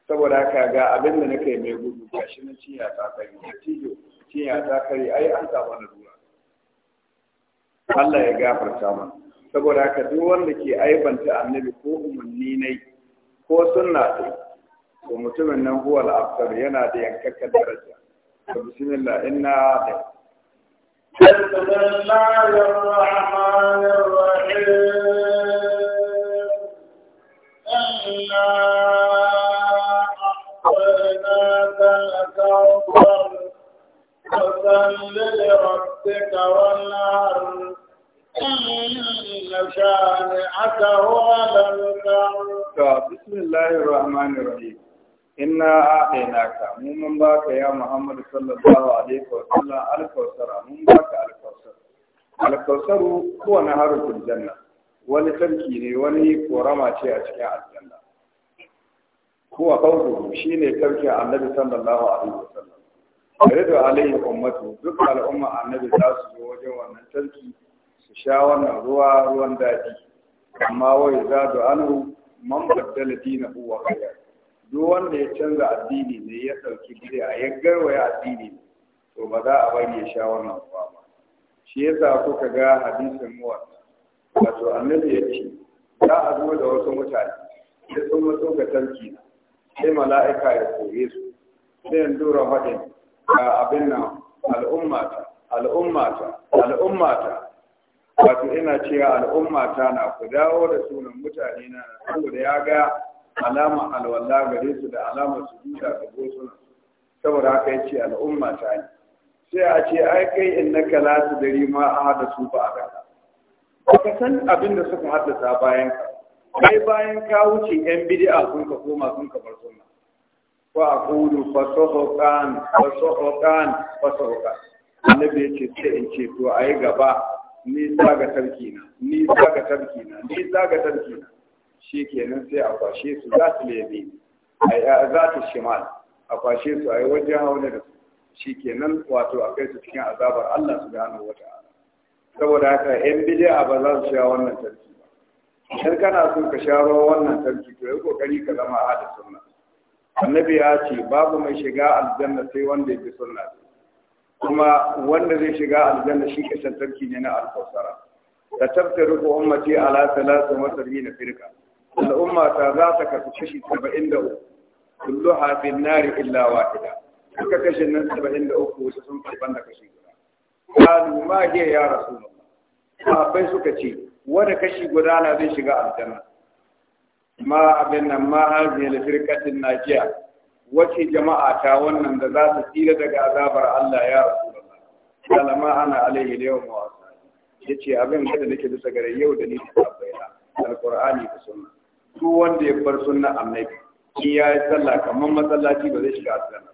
S1: saboda haka ga abin da nake mai gudu ga shi na cinya ta kare ya tijo cinya ta kai ai an ta bana dura Allah ya gafarta mana saboda haka duk wanda ke aibanta annabi ko umarni ne ko sunna ce ko mutumin nan huwa al afsar yana da yankakken daraja bismillah inna da بسم
S2: الله الرحمن الرحيم فصل لربك والنار إن شانئك هو الأبتر بسم الله الرحمن
S1: الرحيم inna a'tainaka mu mun baka ya Muhammad sallallahu alaihi wa sallam al-kawsara mun baka al-kawsar al-kawsaru huwa naharul janna wani sarki ne wani korama ce a cikin aljanna huwa fawdu shine sarki annabi sallallahu alaihi wa sallam yadda alayhi ummatu duk al'umma annabi za su zo wajen wannan tanki su sha wannan ruwa ruwan daɗi amma wai za da anu man baddala dina wa khayr duk wanda ya canza addini ne ya dauki a ya waya addini to ba za a bari ya sha wannan ruwa ba shi yasa kuka ga hadisin Muwat? wato annabi ya ce za a zo da wasu mutane sai sun mutu ga tanki sai mala'ika ya kore su sai dora hadin abin nan al'ummata al'ummata al'ummata wato ina cewa al'ummata na ku dawo da sunan mutane na saboda ya ga alama alwala gare su da alama su duka da gosunan saboda haka yace al'ummata ne sai a ce ai kai innaka la tudri ma ahada su ba ka san abin da suka haddasa bayan ka kai bayan ka wuce yan bid'a sun ka koma sun ka bar sunna فأقول فسحقان فسحقان فسحقان annabi ya ce sai in ce to a yi gaba ni zaga tarki na ni zaga tarki na ni zaga tarki na shi kenan sai a kwashe su za su lebe A za su shimal a kwashe su a yi wajen haula da su shi kenan wato a kai su cikin azabar Allah subhanahu wataala wata saboda haka yan bidiya ba za su sha wannan tarki ba idan kana so ka sha wannan tarki to yi kokari ka zama a da sunna annabi ya ce babu mai shiga aljanna sai wanda ya bi sunna kuma wanda zai shiga aljanna shi ke tarki ne na alkausara da tabtaru ko ummati ala talatin wa na firqa al'umma ta za ta kasu kashi 73 kulluha bin nari illa wahida duka kashin nan 73 wasu sun karban da kashi guda qalu ma hiya ya rasulullah sahabbai suka ce wanda kashi guda na zai shiga aljanna ma abin nan ma hazil firkatin najiya wace jama'a ta wannan da za su tsira daga azabar Allah ya da kala ma ana alaihi yawm ya ce abin da nake bisa gare yau da ni ta bayyana alkur'ani da sunna Su wanda ya bar sunna annabi ki ya yi sallah kamar masallaci ba zai shiga aljanna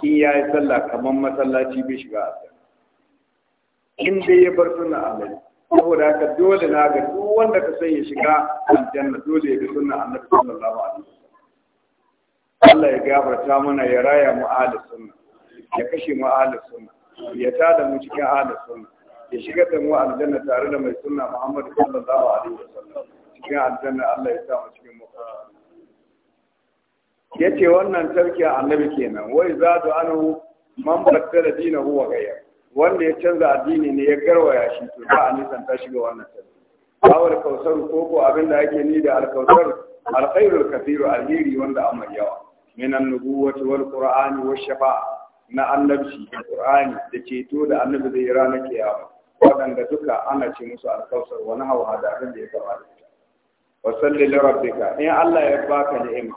S1: ki ya yi sallah kamar masallaci bai shiga aljanna in dai ya bar sunna annabi saboda haka dole na ga duk wanda ka sai ya shiga aljanna dole ya bi sunna annabi sallallahu alaihi wasallam Allah ya gafarta mana ya raya mu ahli sunna ya kashe mu ahli sunna ya tada mu cikin ahli sunna ya shiga da mu aljanna tare da mai sunna Muhammad sallallahu alaihi wasallam cikin aljanna Allah ya sa mu cikin mu yace wannan tarkiya annabi kenan wai za du anhu man battala dinahu wa ghayr wanda ya canza addini ne ya garwaya shi to ba a nisanta shi ga wannan canji awal kausar ko abin da ake ni da alkausar alkhairul kathiru alheri wanda amma yawa minan nubuwati wal qur'ani wa shafa'a na annabci da qur'ani da ceto da annabi zai ranar kiyama waɗanda duka ana ce musu alkausar wani hawa da abin da ya kama da ita wa salli li rabbika in Allah ya baka ni'ima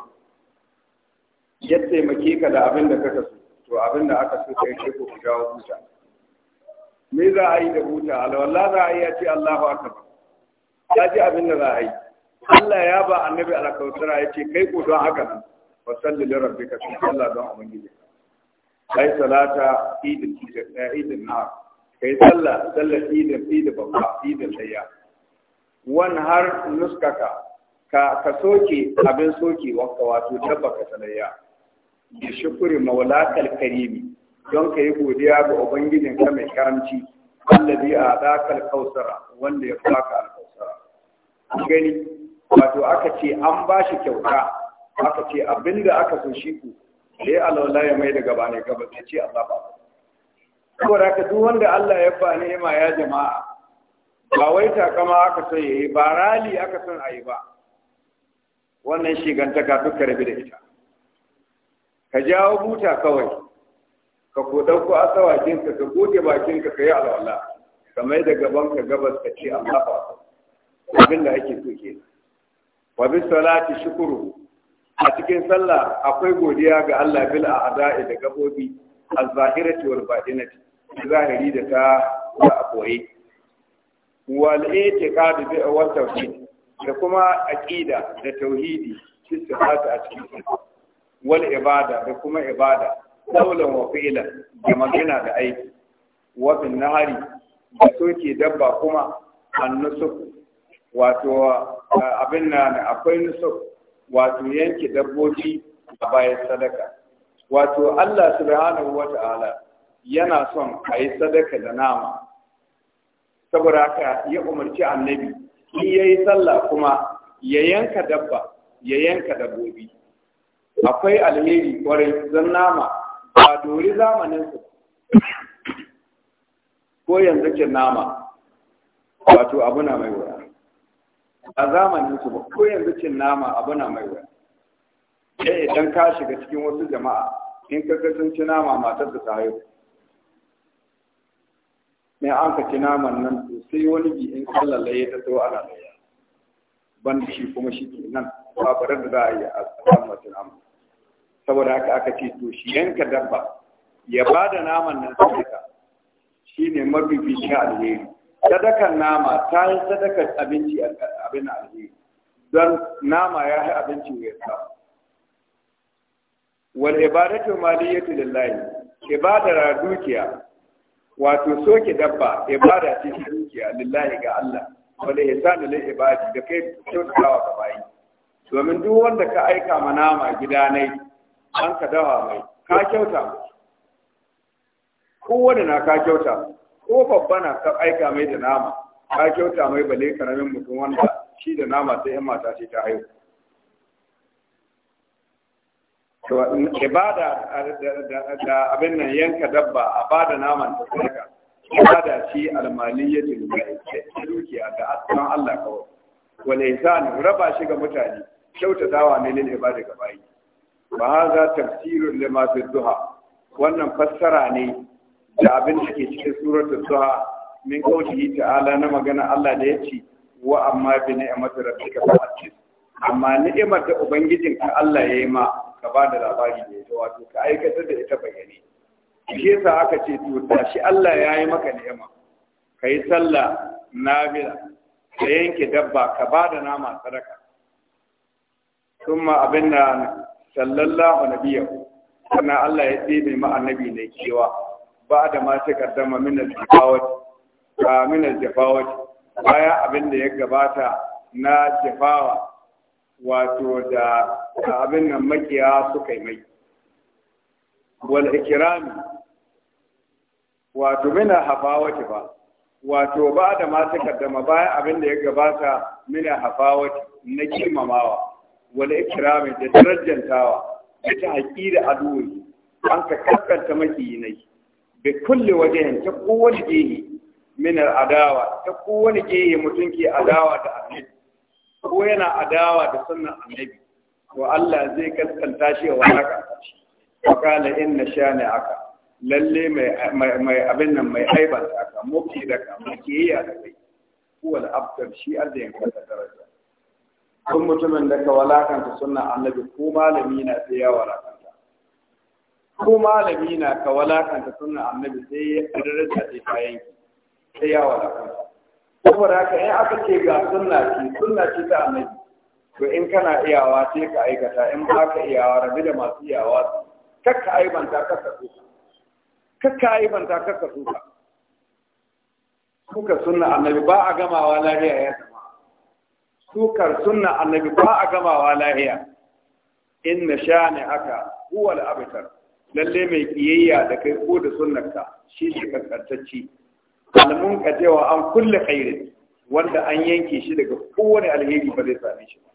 S1: ya taimake ka da abin da kaka so to abin da aka so kai ce ko ku jawo me za a yi da huta, alwala za a yi ya ce Allahu akbar ya ji abin da za a yi Allah ya ba annabi alkausara ya ce kai ko don haka nan wa salli li rabbika fi sallah don abin gida.
S2: kai salata
S1: idin eh, idin na kai sallah sallah idin idin babba idin layya wan har nuskaka ka ka soke abin soke wanka wato dabba ka salayya bi shukri maulakal karimi don ka yi godiya ga ubangijin ka mai karamci zai a dakar kausara wanda ya baka alkausara gani wato aka ce an ba shi kyauta aka ce abinda aka so shi ku da ya alwala ya mai da gaba ne gaba ta ce Allah ba saboda ka duk wanda Allah ya ba ni'ima ya jama'a ba wai takama aka ya yayi ba rali aka son ayi ba wannan shigantaka dukkan rabi da ita ka jawo buta kawai ka ko dauko asawakin ka ka goge bakin ka kai alwala mai da gaban ka gabas ka ce Allah fa abin da ake so ke wa bi salati shukuru a cikin sallah akwai godiya ga Allah bil a'da'i da gabobi az-zahirati wal batinati zahiri da ta da akwai wal i'tiqad bi wa tawhid da kuma aqida da tauhidi cikin sifati a cikin wal ibada da kuma ibada qawlan wa da magana da aiki wa bin nahari da soke dabba kuma nusuf. wato abin nan akwai nusuf wato yanke dabbobi a bayan sadaka wato Allah subhanahu wa ta'ala yana son a yi sadaka da nama saboda haka ya umarci annabi in ya yi sallah kuma ya yanka dabba ya yanka dabbobi akwai alheri kwarai zan nama dori su ko yanzu ke nama wato abu na mai wuya a zamanin su ba ko yanzu ke nama abu na mai wuya ke eh, idan ka shiga cikin wasu jama'a in ka ga sun ci nama matar da ta haihu an ka ci naman nan to sai wani bi in kallon laye ta tsawo ana laye ban da shi kuma shi ke nan ba barar da za a yi a tsakan mutum saboda haka aka ce to shi yanka dabba ya ba da naman nan sadaka shi ne shi alheri sadakan nama ta yi sadakar abinci abin alheri don nama ya yi abinci ya samu wal ibadatu maliyatu lillahi ibadar dukiya wato soke dabba ibada ce ta dukiya lillahi ga Allah wal ihsanu lil ibadi da kai kyautawa ga bayi domin duk wanda ka aika ma nama gidanai an ka dawa mai ka kyauta kowane na ka kyauta ko babba na ka aika mai da nama ka kyauta mai bale karamin mutum wanda shi da nama sai yan mata ce ta haihu to ibada da abin nan yanka dabba a bada naman ta sadaka ibada ce almaliyyatul dukiya da asan Allah kawai wala ihsan raba shi ga mutane kyautatawa ne lil ibada ga bayi ba haza tafsirin lima fi duha wannan fassara ne da abin da ke cikin suratul duha min qawlihi ta'ala na magana Allah da ce, wa amma bi ni'mati rabbika fa'atis amma ni'imar da ka Allah ya yi ma ka ba da labari da ita wato ka aikatar da ita bayani shi yasa aka ce to shi Allah ya yi maka ni'ima kai sallah nafila ka yanke dabba ka ba da nama sadaka abin da sallallahu nabiyahu sannan Allah ya tsebe ma annabi ne cewa ba da ma takaddama min al-jafawat ba min al-jafawat baya abin da ya gabata na jafawa wato da abin nan makiya suka yi mai wal ikirami wato mina hafawati ba wato ba da ma takaddama bayan abin da ya gabata mina hafawati na kimamawa wal ikirami da darajantawa ita ta haƙi da aduwi an ka kaskanta makiyinai bi kulli wajhin ta kowane gehe min adawa ta kowane gehe mutunki adawa da annabi ko yana adawa da sunnan annabi to Allah zai kaskanta shi wa haka wa kana inna shani aka lalle mai abin nan mai aiba aka muke da ka muke yi da kai huwa al-abtar shi Allah ya kasa daraja kun mutumin da ka walakanta sunnan annabi ko malami na sai ya walakanta ko malami na ka walakanta sunna annabi sai ya daraja da kayan sai ya walakanta Kuma haka in aka ce ga sunna ce sunna ce ta annabi to in kana iyawa sai ka aikata in ba ka iyawa rabi da masu iyawa kakka aibanta kakka tsoka kakka aibanta kakka ka. sukar sunna annabi ba a gamawa lahiya ya zama sukar sunna annabi ba a gamawa lahiya in na sha ne aka huwa al'abitar lalle mai kiyayya da kai ko da sunnarka shi ne kaskantacci alamun ka cewa an kulle khairin wanda an yanke shi daga kowane alheri ba zai same shi ba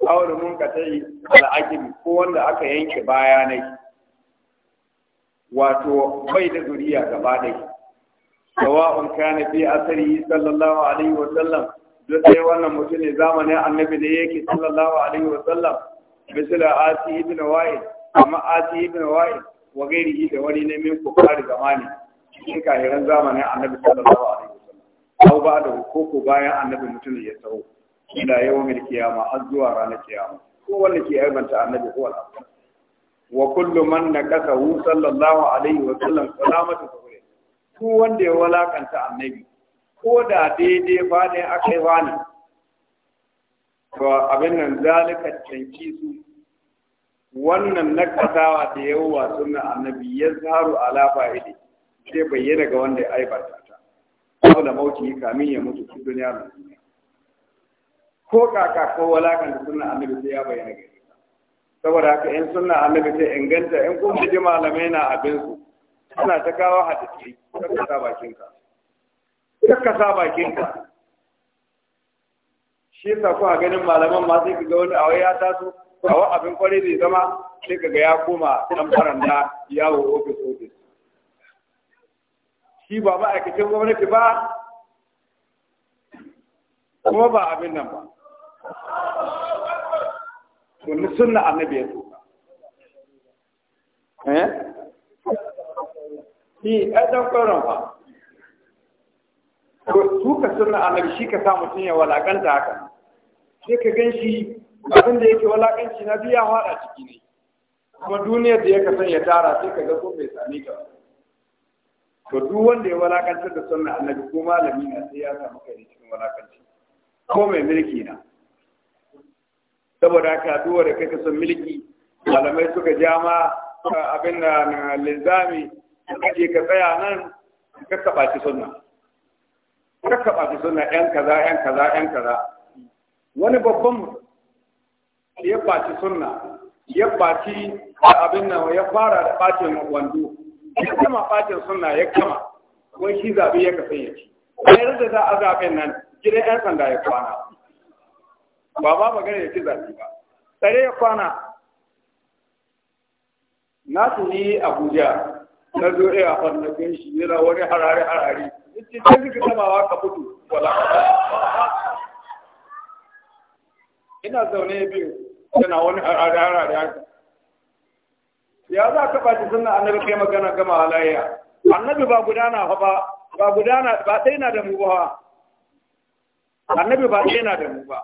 S1: A mun ka tai al'akibi ko wanda aka yanke baya nai wato bai da zuriya gaba dai sawa'un kana fi asari sallallahu alaihi wa sallam duk sai wannan mutum ne zamanin annabi ne yake sallallahu alaihi wa sallam misali asi ibn wa'id amma asi ibn wa'il wa gairihi da wani ne min kufari zamani cikin kahiran zamanin annabi sallallahu alaihi wasallam au ba da koko bayan annabi mutum ya tsawo ila yawmil qiyama har zuwa ranar kiyama ko wanda ke aibanta annabi ko al'amma wa kullu man hu sallallahu alaihi wa sallam! salamatu kufri ko wanda ya walakanta annabi ko da daidai ba ne akai wani to abin nan zalika tanki su wannan nakasawa da wa sunan annabi ya zaharu ala fa'ili sai bayyana ga wanda ya aibata ta da mauti kamin ya mutu cikin duniya da duniya ko kaka ko walakan da sunna annabi sai ya bayyana ga saboda haka in sunan annabi sai inganta in kun ji malamai na abin su ana ta kawo hadisi kakkasa bakinka kakkasa bakinka shi yasa kuwa ganin malaman ma sai ka ga wani a ya taso kawo abin kwari zai zama sai kaga ya koma dan faranda yawo ofis ofis shi ba ma'aikacin gwamnati ba kuma ba abin nan ba wani sunna annabi ya tuka eh shi ɗan ƙauran ba tuka sunna annabi shi ka sa mutum ya walakanta haka
S2: sai ka gan shi abin da yake
S1: walakanci na biya hada ciki ne kuma duniyar da ya kasan ya tara sai ka ga ko bai sami ka to duk wanda ya walakantar da sunna annabi ko malami na sai ya samu kai cikin walakanci ko mai mulki na saboda ka duwa da ka son mulki malamai suka ja ma abin da na linzami kaje ka tsaya nan ka kaba ci sunna ka kaba ci sunna yan kaza yan kaza yan kaza wani babban mutum ya baci sunna ya baci abin nan ya fara da bacin wando ya kama bacin sunna ya kama wai shi zabe ya kasan ya ci bayan da za a zaben nan gidan yan sanda ya kwana ba ba magana ya ci zabe ba tsare ya kwana na su yi abuja na zo iya na shi yana wani harare harare ce ce suka tabawa ka fito wala ina zaune biyu tana wani harara da haka ya za ka ɓaci suna annabi kai magana gama halayya annabi ba gudana fa ba ba gudana ba sai na da mu ba annabi ba sai na da mu ba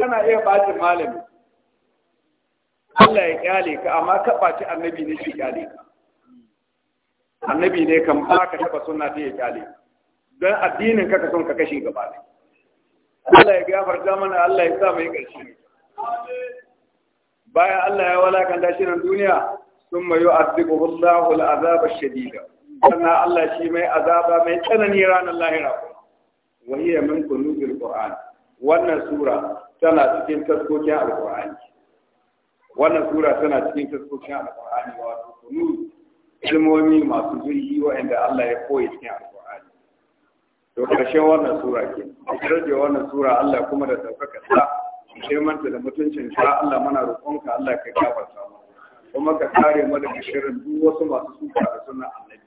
S1: kana iya ɓaci malami Allah ya kyale ka amma ka ɓaci annabi ne shi kyale ka annabi ne kan ba ka taɓa suna ta ya kyale don addinin ka ka son ka kashe gaba ne Allah ya gafarta mana Allah ya sa mai ƙarshe bayan Allah ya walakanta shi nan duniya sun mayu azibu wallahu al'azaba shadida Kana Allah shi mai azaba mai tsanani ranar lahira wa hiya min kunuzil qur'an wannan sura tana cikin taskokin alqur'ani wannan sura tana cikin taskokin alqur'ani wato kunuz ilmomi masu zurfi waɗanda Allah ya koyi cikin alqur'ani to karshen wannan sura ke rage wannan sura Allah kuma da daukaka ta. girmanta da mutuncin ka Allah muna roƙonka Allah ka gafarta mu kuma ka kare mu daga shirin duk wasu masu suka da sunnar annabi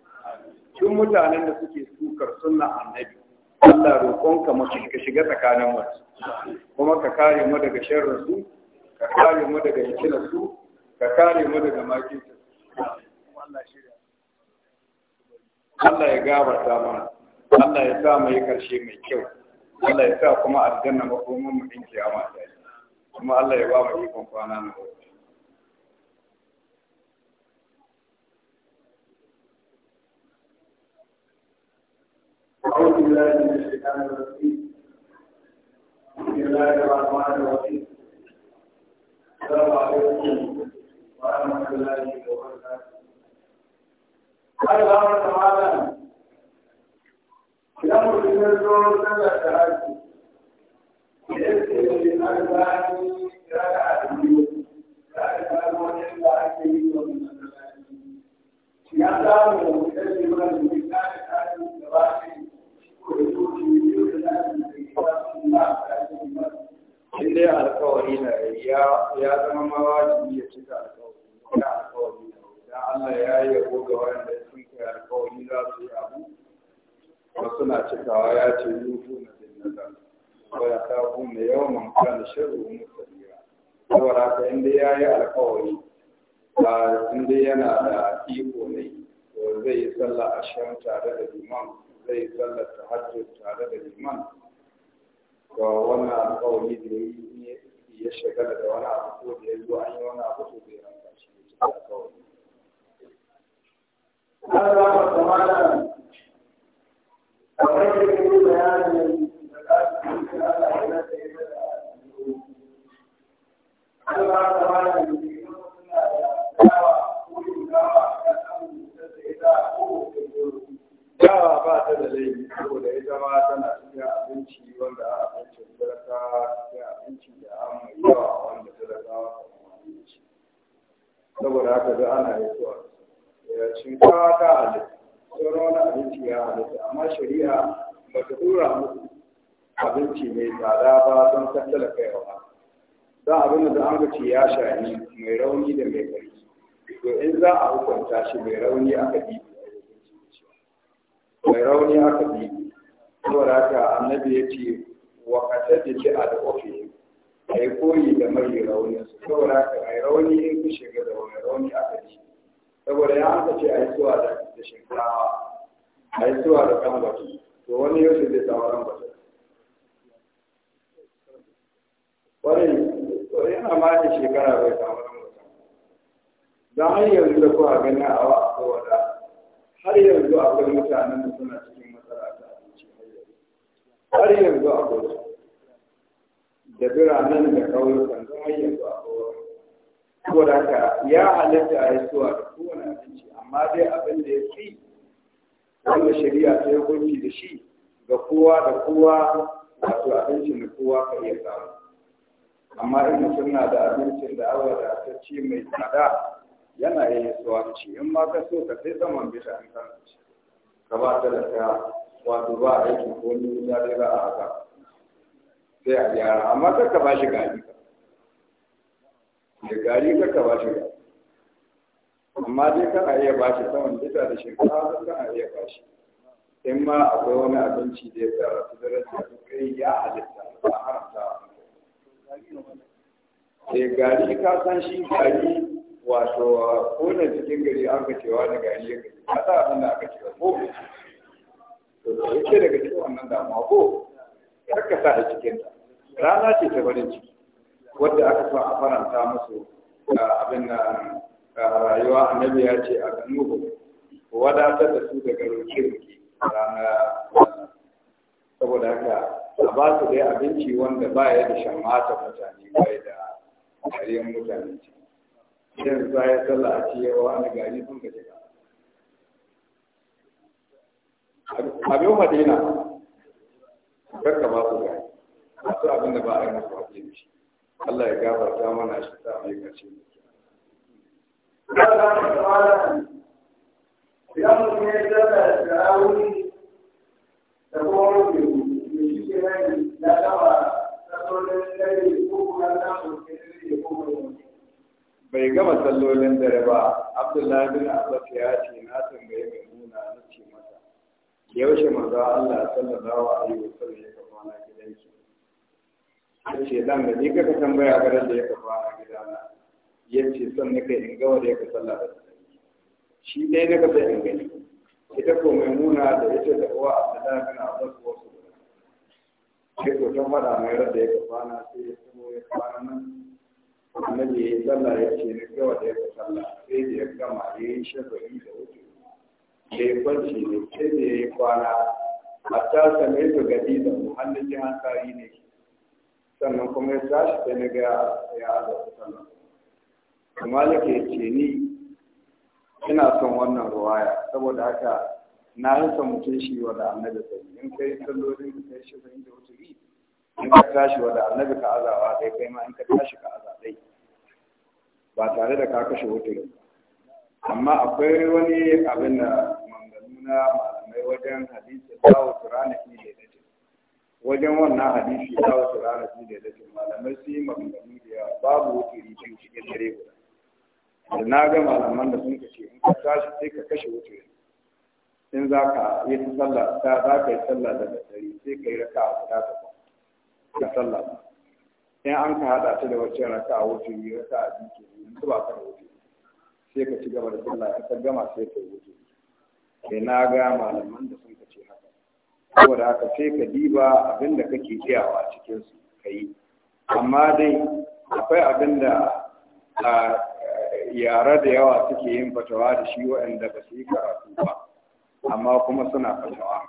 S1: duk mutanen da suke sukar sunnar annabi Allah roƙonka mu ka shiga tsakanin mu kuma ka kare mu daga sharrin su ka kare mu daga hikilar su ka kare mu daga makin su Allah ya gafarta mana Allah ya sa mu yi karshe mai kyau Allah ya sa kuma aljanna makomanmu mu din kiyama ta kuma Allah ya فانا mu أعوذ بالله من الشيطان الرجيم بسم الله الرحمن الرحيم السلام عليكم ورحمة الله وبركاته
S2: قال الله تعالى يأمر بالمنزل وسنة التعدي يأتي بالأربعة
S1: cikawa ya ce yuhu na dinnata wa ya kafu na yawan kan shirin mutane saboda haka inda ya yi alkawari ba inda yana da iko ne to zai yi sallah ashirin tare da liman zai yi sallah tahajjud tare da liman to wannan alkawari da ya yi ya shagala da wani abu ko da ya zo an yi wani abu to zai ranka shi ne cikin alkawari.
S2: Allah ba ta mana
S1: kamar yadda ya yi bayanin
S2: da za su yi Allah ya rasa Dawa
S1: ba ta da laifi ita ma tana cikin abinci wanda abinci da an mai yawa wanda Saboda haka da ana yi zuwa. Shinkawa ta halitta, sauran wani abinci ya halitta, amma shari'a ba ta dora abinci mai tsada ba don tattala kaiwa ba. Za a bin da an ce ya shani mai rauni da mai kari to in za a hukunta shi mai rauni aka bi mai rauni aka bi saboda haka annabi ya ce wa kasar da ke da a ai koyi da mai rauni saboda haka mai rauni in ku shiga da mai rauni aka bi saboda ya an ce ai zuwa da shinkawa ai zuwa da kan to wani yau zai samu ran wani yana ma da shekara bai samu nan mutum don har yanzu da kuwa gani a wa a kowada har yanzu akwai mutanen da suna cikin matsala ta abinci har yanzu akwai da biranen da ƙauyukan don har yanzu a Ko da ka ya halitta a yi zuwa da kowane abinci amma dai abin da ya fi wanda shari'a ta yi hukunci da shi ga kowa da kowa wato abinci da kowa ka iya samu amma in mutum na da abincin da awa da ta ci mai tsada yana yi suwa ci in ma ka so ka sai zaman bisa in kan ci ka ba ta da ta wato ba a aiki ko ni wuta dai za a haka sai a gyara amma ka ka ba shi gari da gari ka ka ba shi gari amma dai na iya ba shi saman bisa da shinkafa na iya ba shi in ma akwai wani abinci da ya tsara su da rasu ya halitta ba haramta eh gari ka san shi gari wato kona cikin gari an ka cewa da gari ya gari ka sa abin da aka cewa ko to da yake daga cikin wannan damuwa ko kar ka sa a cikin ta rana ce ta farin ciki wadda aka so a faranta musu abin da rayuwa annabi ya ce a ganuhu wadatar da su daga roke roke rana saboda haka a ba su dai abinci wanda ba ya da shamata mutane ba ya da kariyar mutane ce idan za ya tsalla a ciye yawa wani gari sun gaji ba abin madina karka ba su gari su abin da ba a yi masu da shi Allah ya gafarta mana shi ta mai kace
S2: Idan mutum ya zama da da kuma
S1: bai gama sallolin dare ba abdullahi bin abbas ya ce na tambaye mai nuna na ce mata yaushe maza allah sallallahu alaihi wa sallam ya kafa na gidanki a ce dan da ni kaka tambaya garar da ya kafa na gidana ya ce son nake in ga wanda ya ka sallah da shi dai na kafa in gani ita ko mai nuna da ita da uwa abdullahi bin abbas wasu sai to tun faɗa mai rar da ya kwana sai ya samu ya kwana nan annabi ya yi sallah ya ce ni gawa da ya ka sallah sai da ya gama ya yi shafa'i da wuce ya kwanci ne sai da ya yi kwana hatta same su gadi da muhallin jihar ne sannan kuma ya tashi sai na gaya ya azabta sallah kuma ya ce ni ina son wannan ruwaya saboda haka na rasa mutum shi wa da annabi sai in kai sallolin ka ya shi sai da yi in ka tashi wa da annabi ka azawa dai kai ma in ka tashi ka aza dai ba tare da ka kashe wuturi amma akwai wani abin da manganu na malamai wajen hadisi wasu turana fi da dace wajen wannan hadisi wasu turana fi da dace malamai su yi maganganu da yawa babu wuce biyu cikin dare guda da na ga malaman da sun kace in ka tashi sai ka kashe wuturi in za ka yi ta sallah ta za ka yi sallah da daddare sai ka yi raka a guda daban ka sallah in an ka hada ta da wacce raka a wuce yi raka a jiki ke yanzu ba ka da wuce sai ka ci gaba da sallah ka gama sai ka yi wuce sai eh, na ga malaman da sun ka ce haka saboda haka sai ka diba abin da kake iyawa cikin su ka yi amma dai akwai abin da yara da yawa suke yin fatawa da shi wa'anda ba su yi karatu ba amma kuma suna fatawa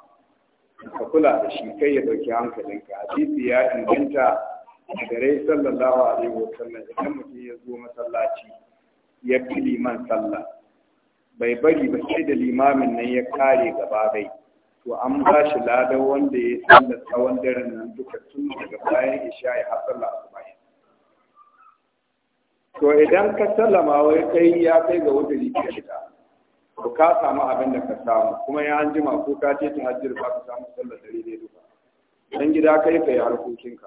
S1: ka kula da shi kai ya dauki hankalinka hadisi ya inganta da rai sallallahu alaihi wa sallam idan mutum ya zo masallaci ya fi liman sallah bai bari ba sai da limamin nan ya kare gaba bai to an ba shi ladan wanda ya san da tsawon daren nan duka tun daga bayan isha ya sallah asubahi to idan ka sallama wai kai ya kai ga wata ke shida to ka samu abin da ka samu kuma ya an jima ko ka ce ta hajjir ba ka samu sallar dare ne duka dan gida kai kai harkokinka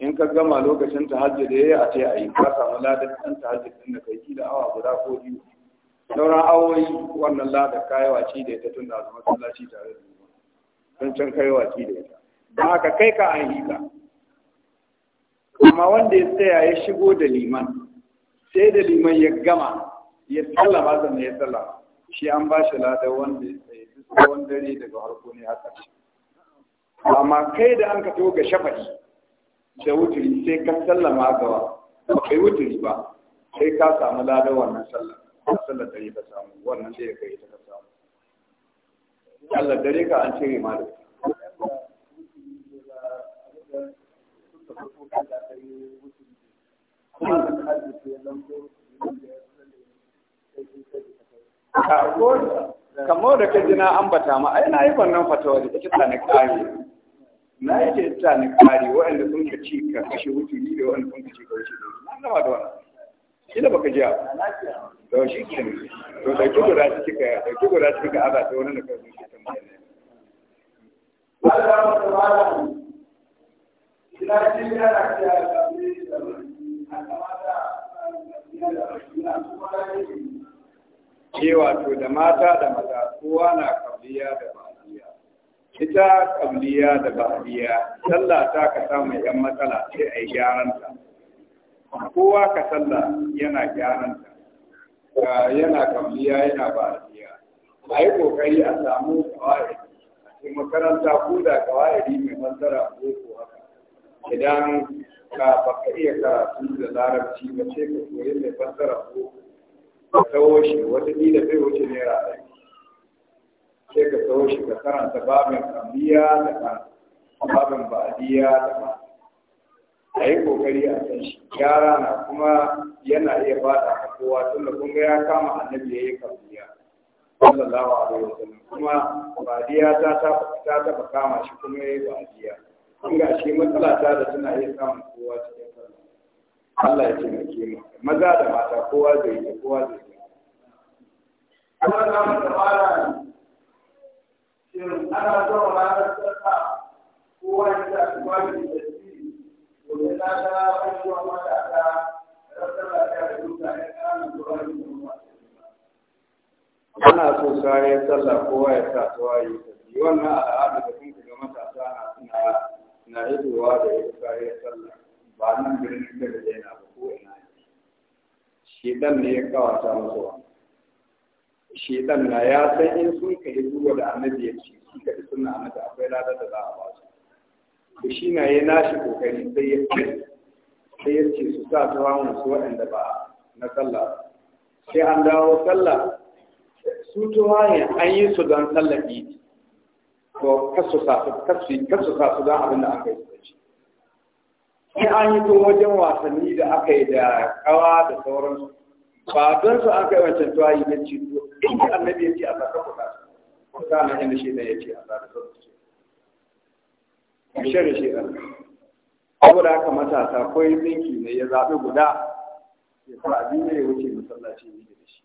S1: in ka gama lokacin ta hajji da yayi a ce ayi ka samu ladan dan ta hajji din da kai kila awa guda ko biyu sauran awoyi wannan ladan kai waci da ita tun da zama sallaci tare da mu tun can kai waci da ita dan haka kai ka an hika amma wanda ya tsaya ya shigo da liman sai da liman ya gama ya sallama zan ya sallama shi an ba shi ladar wanda ya tsaye tsawon dare daga harko ne haka shi amma kai da an ka to ga shafari da wuturi sai ka sallama gawa ba kai wuturi ba sai ka samu ladar wannan sallar sallar dare ka samu wannan sai ka yi ta ka samu sallar dare ka an cire ma da Thank kamar da ka ji na ambata ma ai na yi wannan fatawa da ta tsani kari na yi ce tsani kari waɗanda sun ka ci ka kashe ni da waɗanda sun ka ci ka wuce da na gama da shi ila baka ji to shi ke to da ki guda ci ka da ki gura ci ka aza ta wani da kai shi kan mai
S2: ina
S1: ke wato da mata da maza kowa na kabliya da ba'aliya ita kabliya da ba'aliya sallah ta ka samu yan matsala sai a yi ta. kowa ka sallah yana gyaran gyaranta yana kabliya yana ba'aliya ai kokari a samu kawai a cikin makaranta ko da kawai mai mantara ko ko haka idan ka baka iya karatu da larabci ba sai ka koyi mai fassara ko ka kawo shi wata da zai wuce naira ɗari sai ka kawo shi ka karanta babin kambiya da ka babin ba'adiyya da ka a yi ƙoƙari a san shi yara na kuma yana iya faɗa a kowa tun da kun ga ya kama annabi ya yi kambiya sallallahu alaihi wasallam kuma ba'adiyya ta ta taɓa kama shi kuma ya yi ba'adiyya kun ga shi matsala ta da suna iya samun kowa cikin Allah ya maza da mata kowa zai yi kowa zai yi
S2: kuma na mutu mara shin ana zuwa ranar sarka kowa ya sa kuma da tasiri domin na ga abubuwan matasa rasar lafiya
S1: da mutane ƙananan turari da mutane ana so kayan sallah kowa ya sa tawaye tasiri wannan al'adu da kun ga matasa na na hitowa da ita kayan sallah ba nan birnin kada da yana ko ina ne dan ne ya kawata musu wa dan na ya san in sun kai zuwa da annabi ya ce sun kai sunna annabi akwai ladar da za a ba su to shi na ya nashi kokari sai ya ce sai ya ce su sa tuwamun su waɗanda ba na sallah sai an dawo sallah su ne an yi su don sallah idi to kasu sa su don abin da aka yi su da shi in an yi tun wajen wasanni da aka yi da kawa da sauransu ba don su aka yi wancan tuwayi na ci in ji annabi ya ce a saka kuɗa ko ta na yin shi ya ce a da kuɗa su shirya shi ɗan abu da aka matasa ko yi zinki ne ya zaɓi guda ya sa abin da ya wuce masallaci ne da shi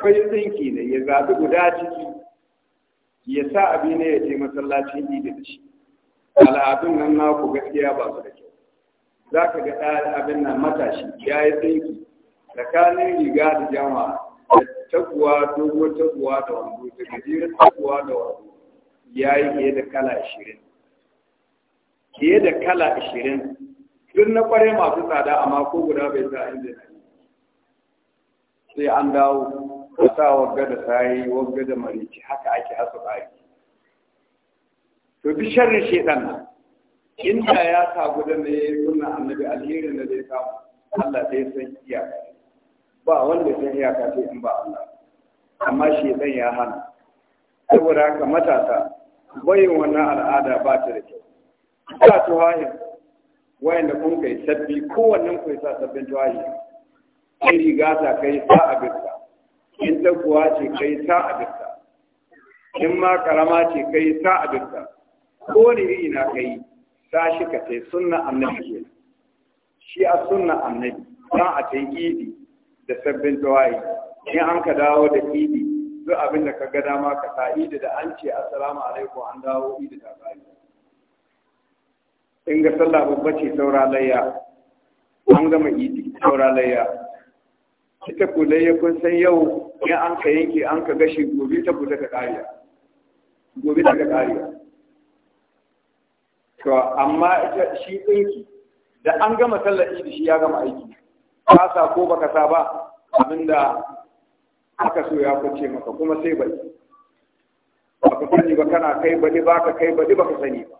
S1: ko yi zinki ne ya zaɓi guda ciki ya sa abin da ya ce masallacin ne da shi al'adun nan naku gaskiya ba su da za ka ga ɗaya abin nan matashi ya yi tsinki tsakanin riga da jama da taguwa dogon taguwa da wando da gajeren taguwa da wando ya yi fiye da kala ashirin fiye da kala ashirin duk na kware masu tsada amma ko guda bai sa inda na sai an dawo ko sa wagga da sayi wagga da marici haka ake hasu yi to duk sharrin shedan nan inda ya sa gudan da ya yi annabi alherin da zai samu Allah zai san iyaka ba wanda san iyaka ce in ba Allah amma shi zan ya hana saboda haka matasa bayin wannan al'ada ba ta da kyau ba tuhahin wayanda kun kai sabbi kowanne ku sa sabbin tuhahi in riga ta kai sa a bisa in taguwa ce kai sa a bisa in ma karama ce kai sa a bisa ne yi na kai tashi ka tai sunna annabi ke shi a sunna annabi ba a tai idi da sabbin tawayi in an ka dawo da idi duk abin da ka ga dama ka ta idi da an ce assalamu alaikum an dawo idi da bayi in ga sallah babba ce saura layya an gama idi saura layya ita ku layya kun san yau in an ka yanke an ka gashi gobe ta kuta ka kariya gobe ta ka kariya to amma ita shi ɗinki da an gama sallar idi shi ya gama aiki ka sa ko baka sa ba abinda aka so ya kwace maka kuma sai bai baka sani ba kana kai bali baka kai bali baka sani ba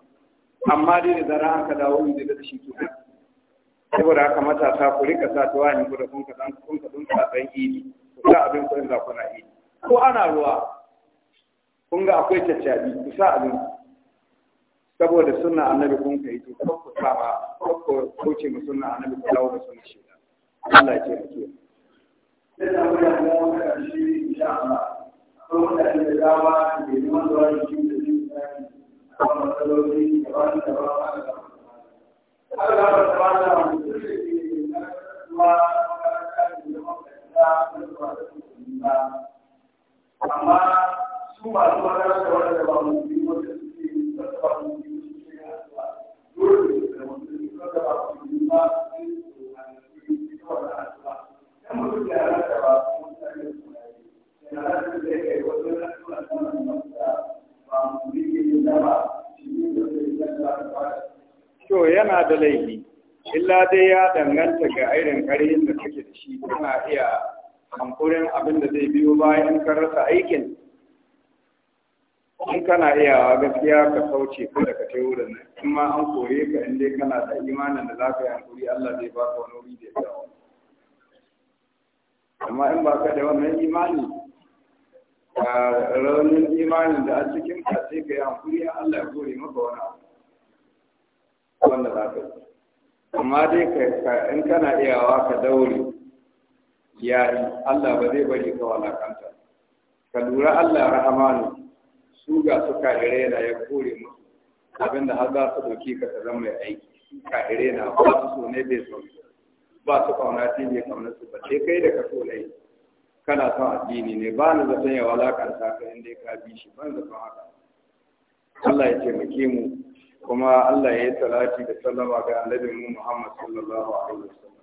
S1: amma dai da zara an ka dawo inda da shi to saboda haka matasa ku rika sa tuwa ne ku da kun ka san kun ka dun ka san idi ku sa abin ku in za ku na idi ko ana ruwa kun ga akwai caccabi ku sa abin ku. saboda suna annabi kun kai to ko ku saba ko ku kauce mu sunna annabi ku dawo da sunna shi Allah ya ce muke sai da mu da mu ka shi insha Allah ko mu da da dama da mu da shi da shi da matsaloli da ba da ba Allah ba ta ba da mu da shi
S2: da kuma amma su masu magana da ba mu yi wanda suke wanda ba mu
S1: To yana da laifi, illa dai ya danganta ga irin karyar da kake da shi kana iya hankurin abinda zai biyo bayan ka rasa aikin in kana iyawa gaskiya ka kauce ko da ka kai wurin nan in ma an kore ka in dai kana da imanin da za ka yi hankuri Allah zai ba ka wani wuri da ya amma in ba ka da wannan imani a raunin imanin da a cikin ka sai ka yi hankuri Allah ya kore maka wani abu wanda za ka yi amma dai in kana iyawa ka daure yayi Allah ba zai bari ka walakanta ka lura Allah rahamanu su ga su kahire na ya kore musu abinda har za su ɗauki ka ta zama mai aiki su kahire na ba su so ne bai so ba su kauna shi ne kauna su ba sai kai da ka so lai kana son addini ne ba ni zaton ya walakanta ka inda ka bi shi ban zaton haka Allah ya taimake mu kuma Allah ya yi salati da sallama ga annabi mu Muhammad sallallahu alaihi wasallam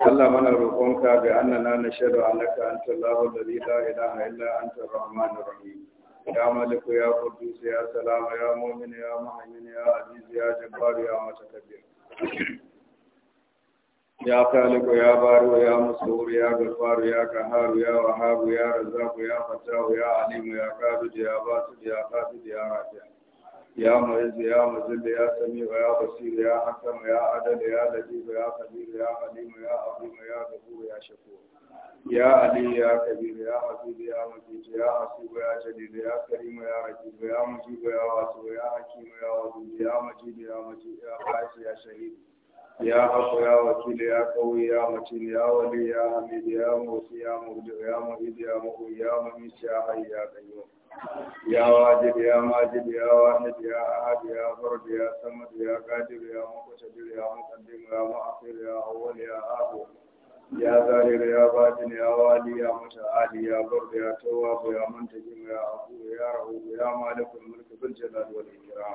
S1: Allah mana roƙonka bi annana nashhadu annaka antallahu alladhi la ilaha illa anta arrahmanur rahim Ya malliku ya furdutu ya salama ya muminu ya mahanyoyi ya jambaru ya wata kafin. Ya fita ya faru ya musu ya haruya wa hagu ya azabu ya matse aure basu ya kasa ya hafi. يا معز يا مذل يا سميع يا بصير يا حكم يا عدل يا لطيف يا قدير يا قديم يا عظيم يا غفور يا شكور يا علي يا كبير يا عزيز يا مجيد يا حسيب يا جليل يا كريم يا رجيب يا مجيب يا واسع يا حكيم يا ودود يا مجيد يا مجيد يا قائس يا شهيد
S2: يا حق يا وكيل
S1: يا قوي يا متين يا ولي يا حميد يا موسي يا مبدع يا مهيد يا مقوي يا مميت يا حي يا قيوم يا واجد يا ماجد يا واحد يا احد يا فرد يا صمد يا قادر يا مقتدر يا مقدم يا مؤخر يا اول يا اخر يا ظاهر يا باطن يا والي يا متعالي يا برد يا تواب يا منتجم يا عفو يا رؤوف يا مالك الملك بالجلال والاكرام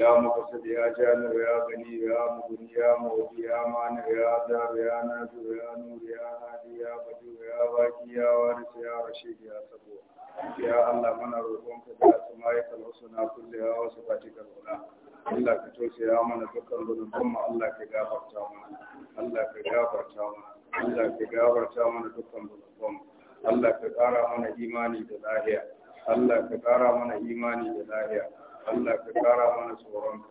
S1: يا مقصد يا جامع يا غني يا مغني يا مودي يا مانع يا دار يا نافع يا نور يا هادي يا بدو يا باقي يا وارث يا رشيد يا صبور ya Allah mana roƙonka da sumayaka lausuna kullewa wasu fatika kula Allah ka toshe ya mana dukkan zunubin mu Allah ka gafarta mana Allah ka gafarta mana Allah ka gafarta Allah ka ƙara mana imani da lahiya Allah ka ƙara mana imani da lahiya Allah ka ƙara mana tsoron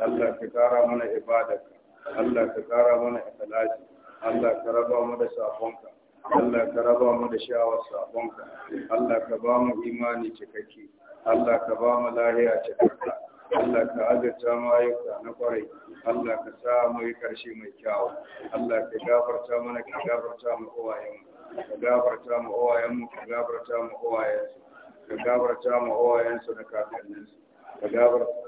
S1: Allah ka ƙara mana ibadaka Allah ka ƙara mana ikhlasi Allah ka raba mu da safonka Allah ka raba mu da sha'awar sabonka Allah ka ba mu imani cikakke Allah ka ba mu lahiya cikakka Allah ka azurta mu ayyuka na kwarai Allah ka sa mu yi karshe mai kyawu Allah ka gafarta mana ka gafarta mu uwayenmu ka gafarta mu mu ka gafarta mu su, ka gafarta mu su da kakanninsu ka gafarta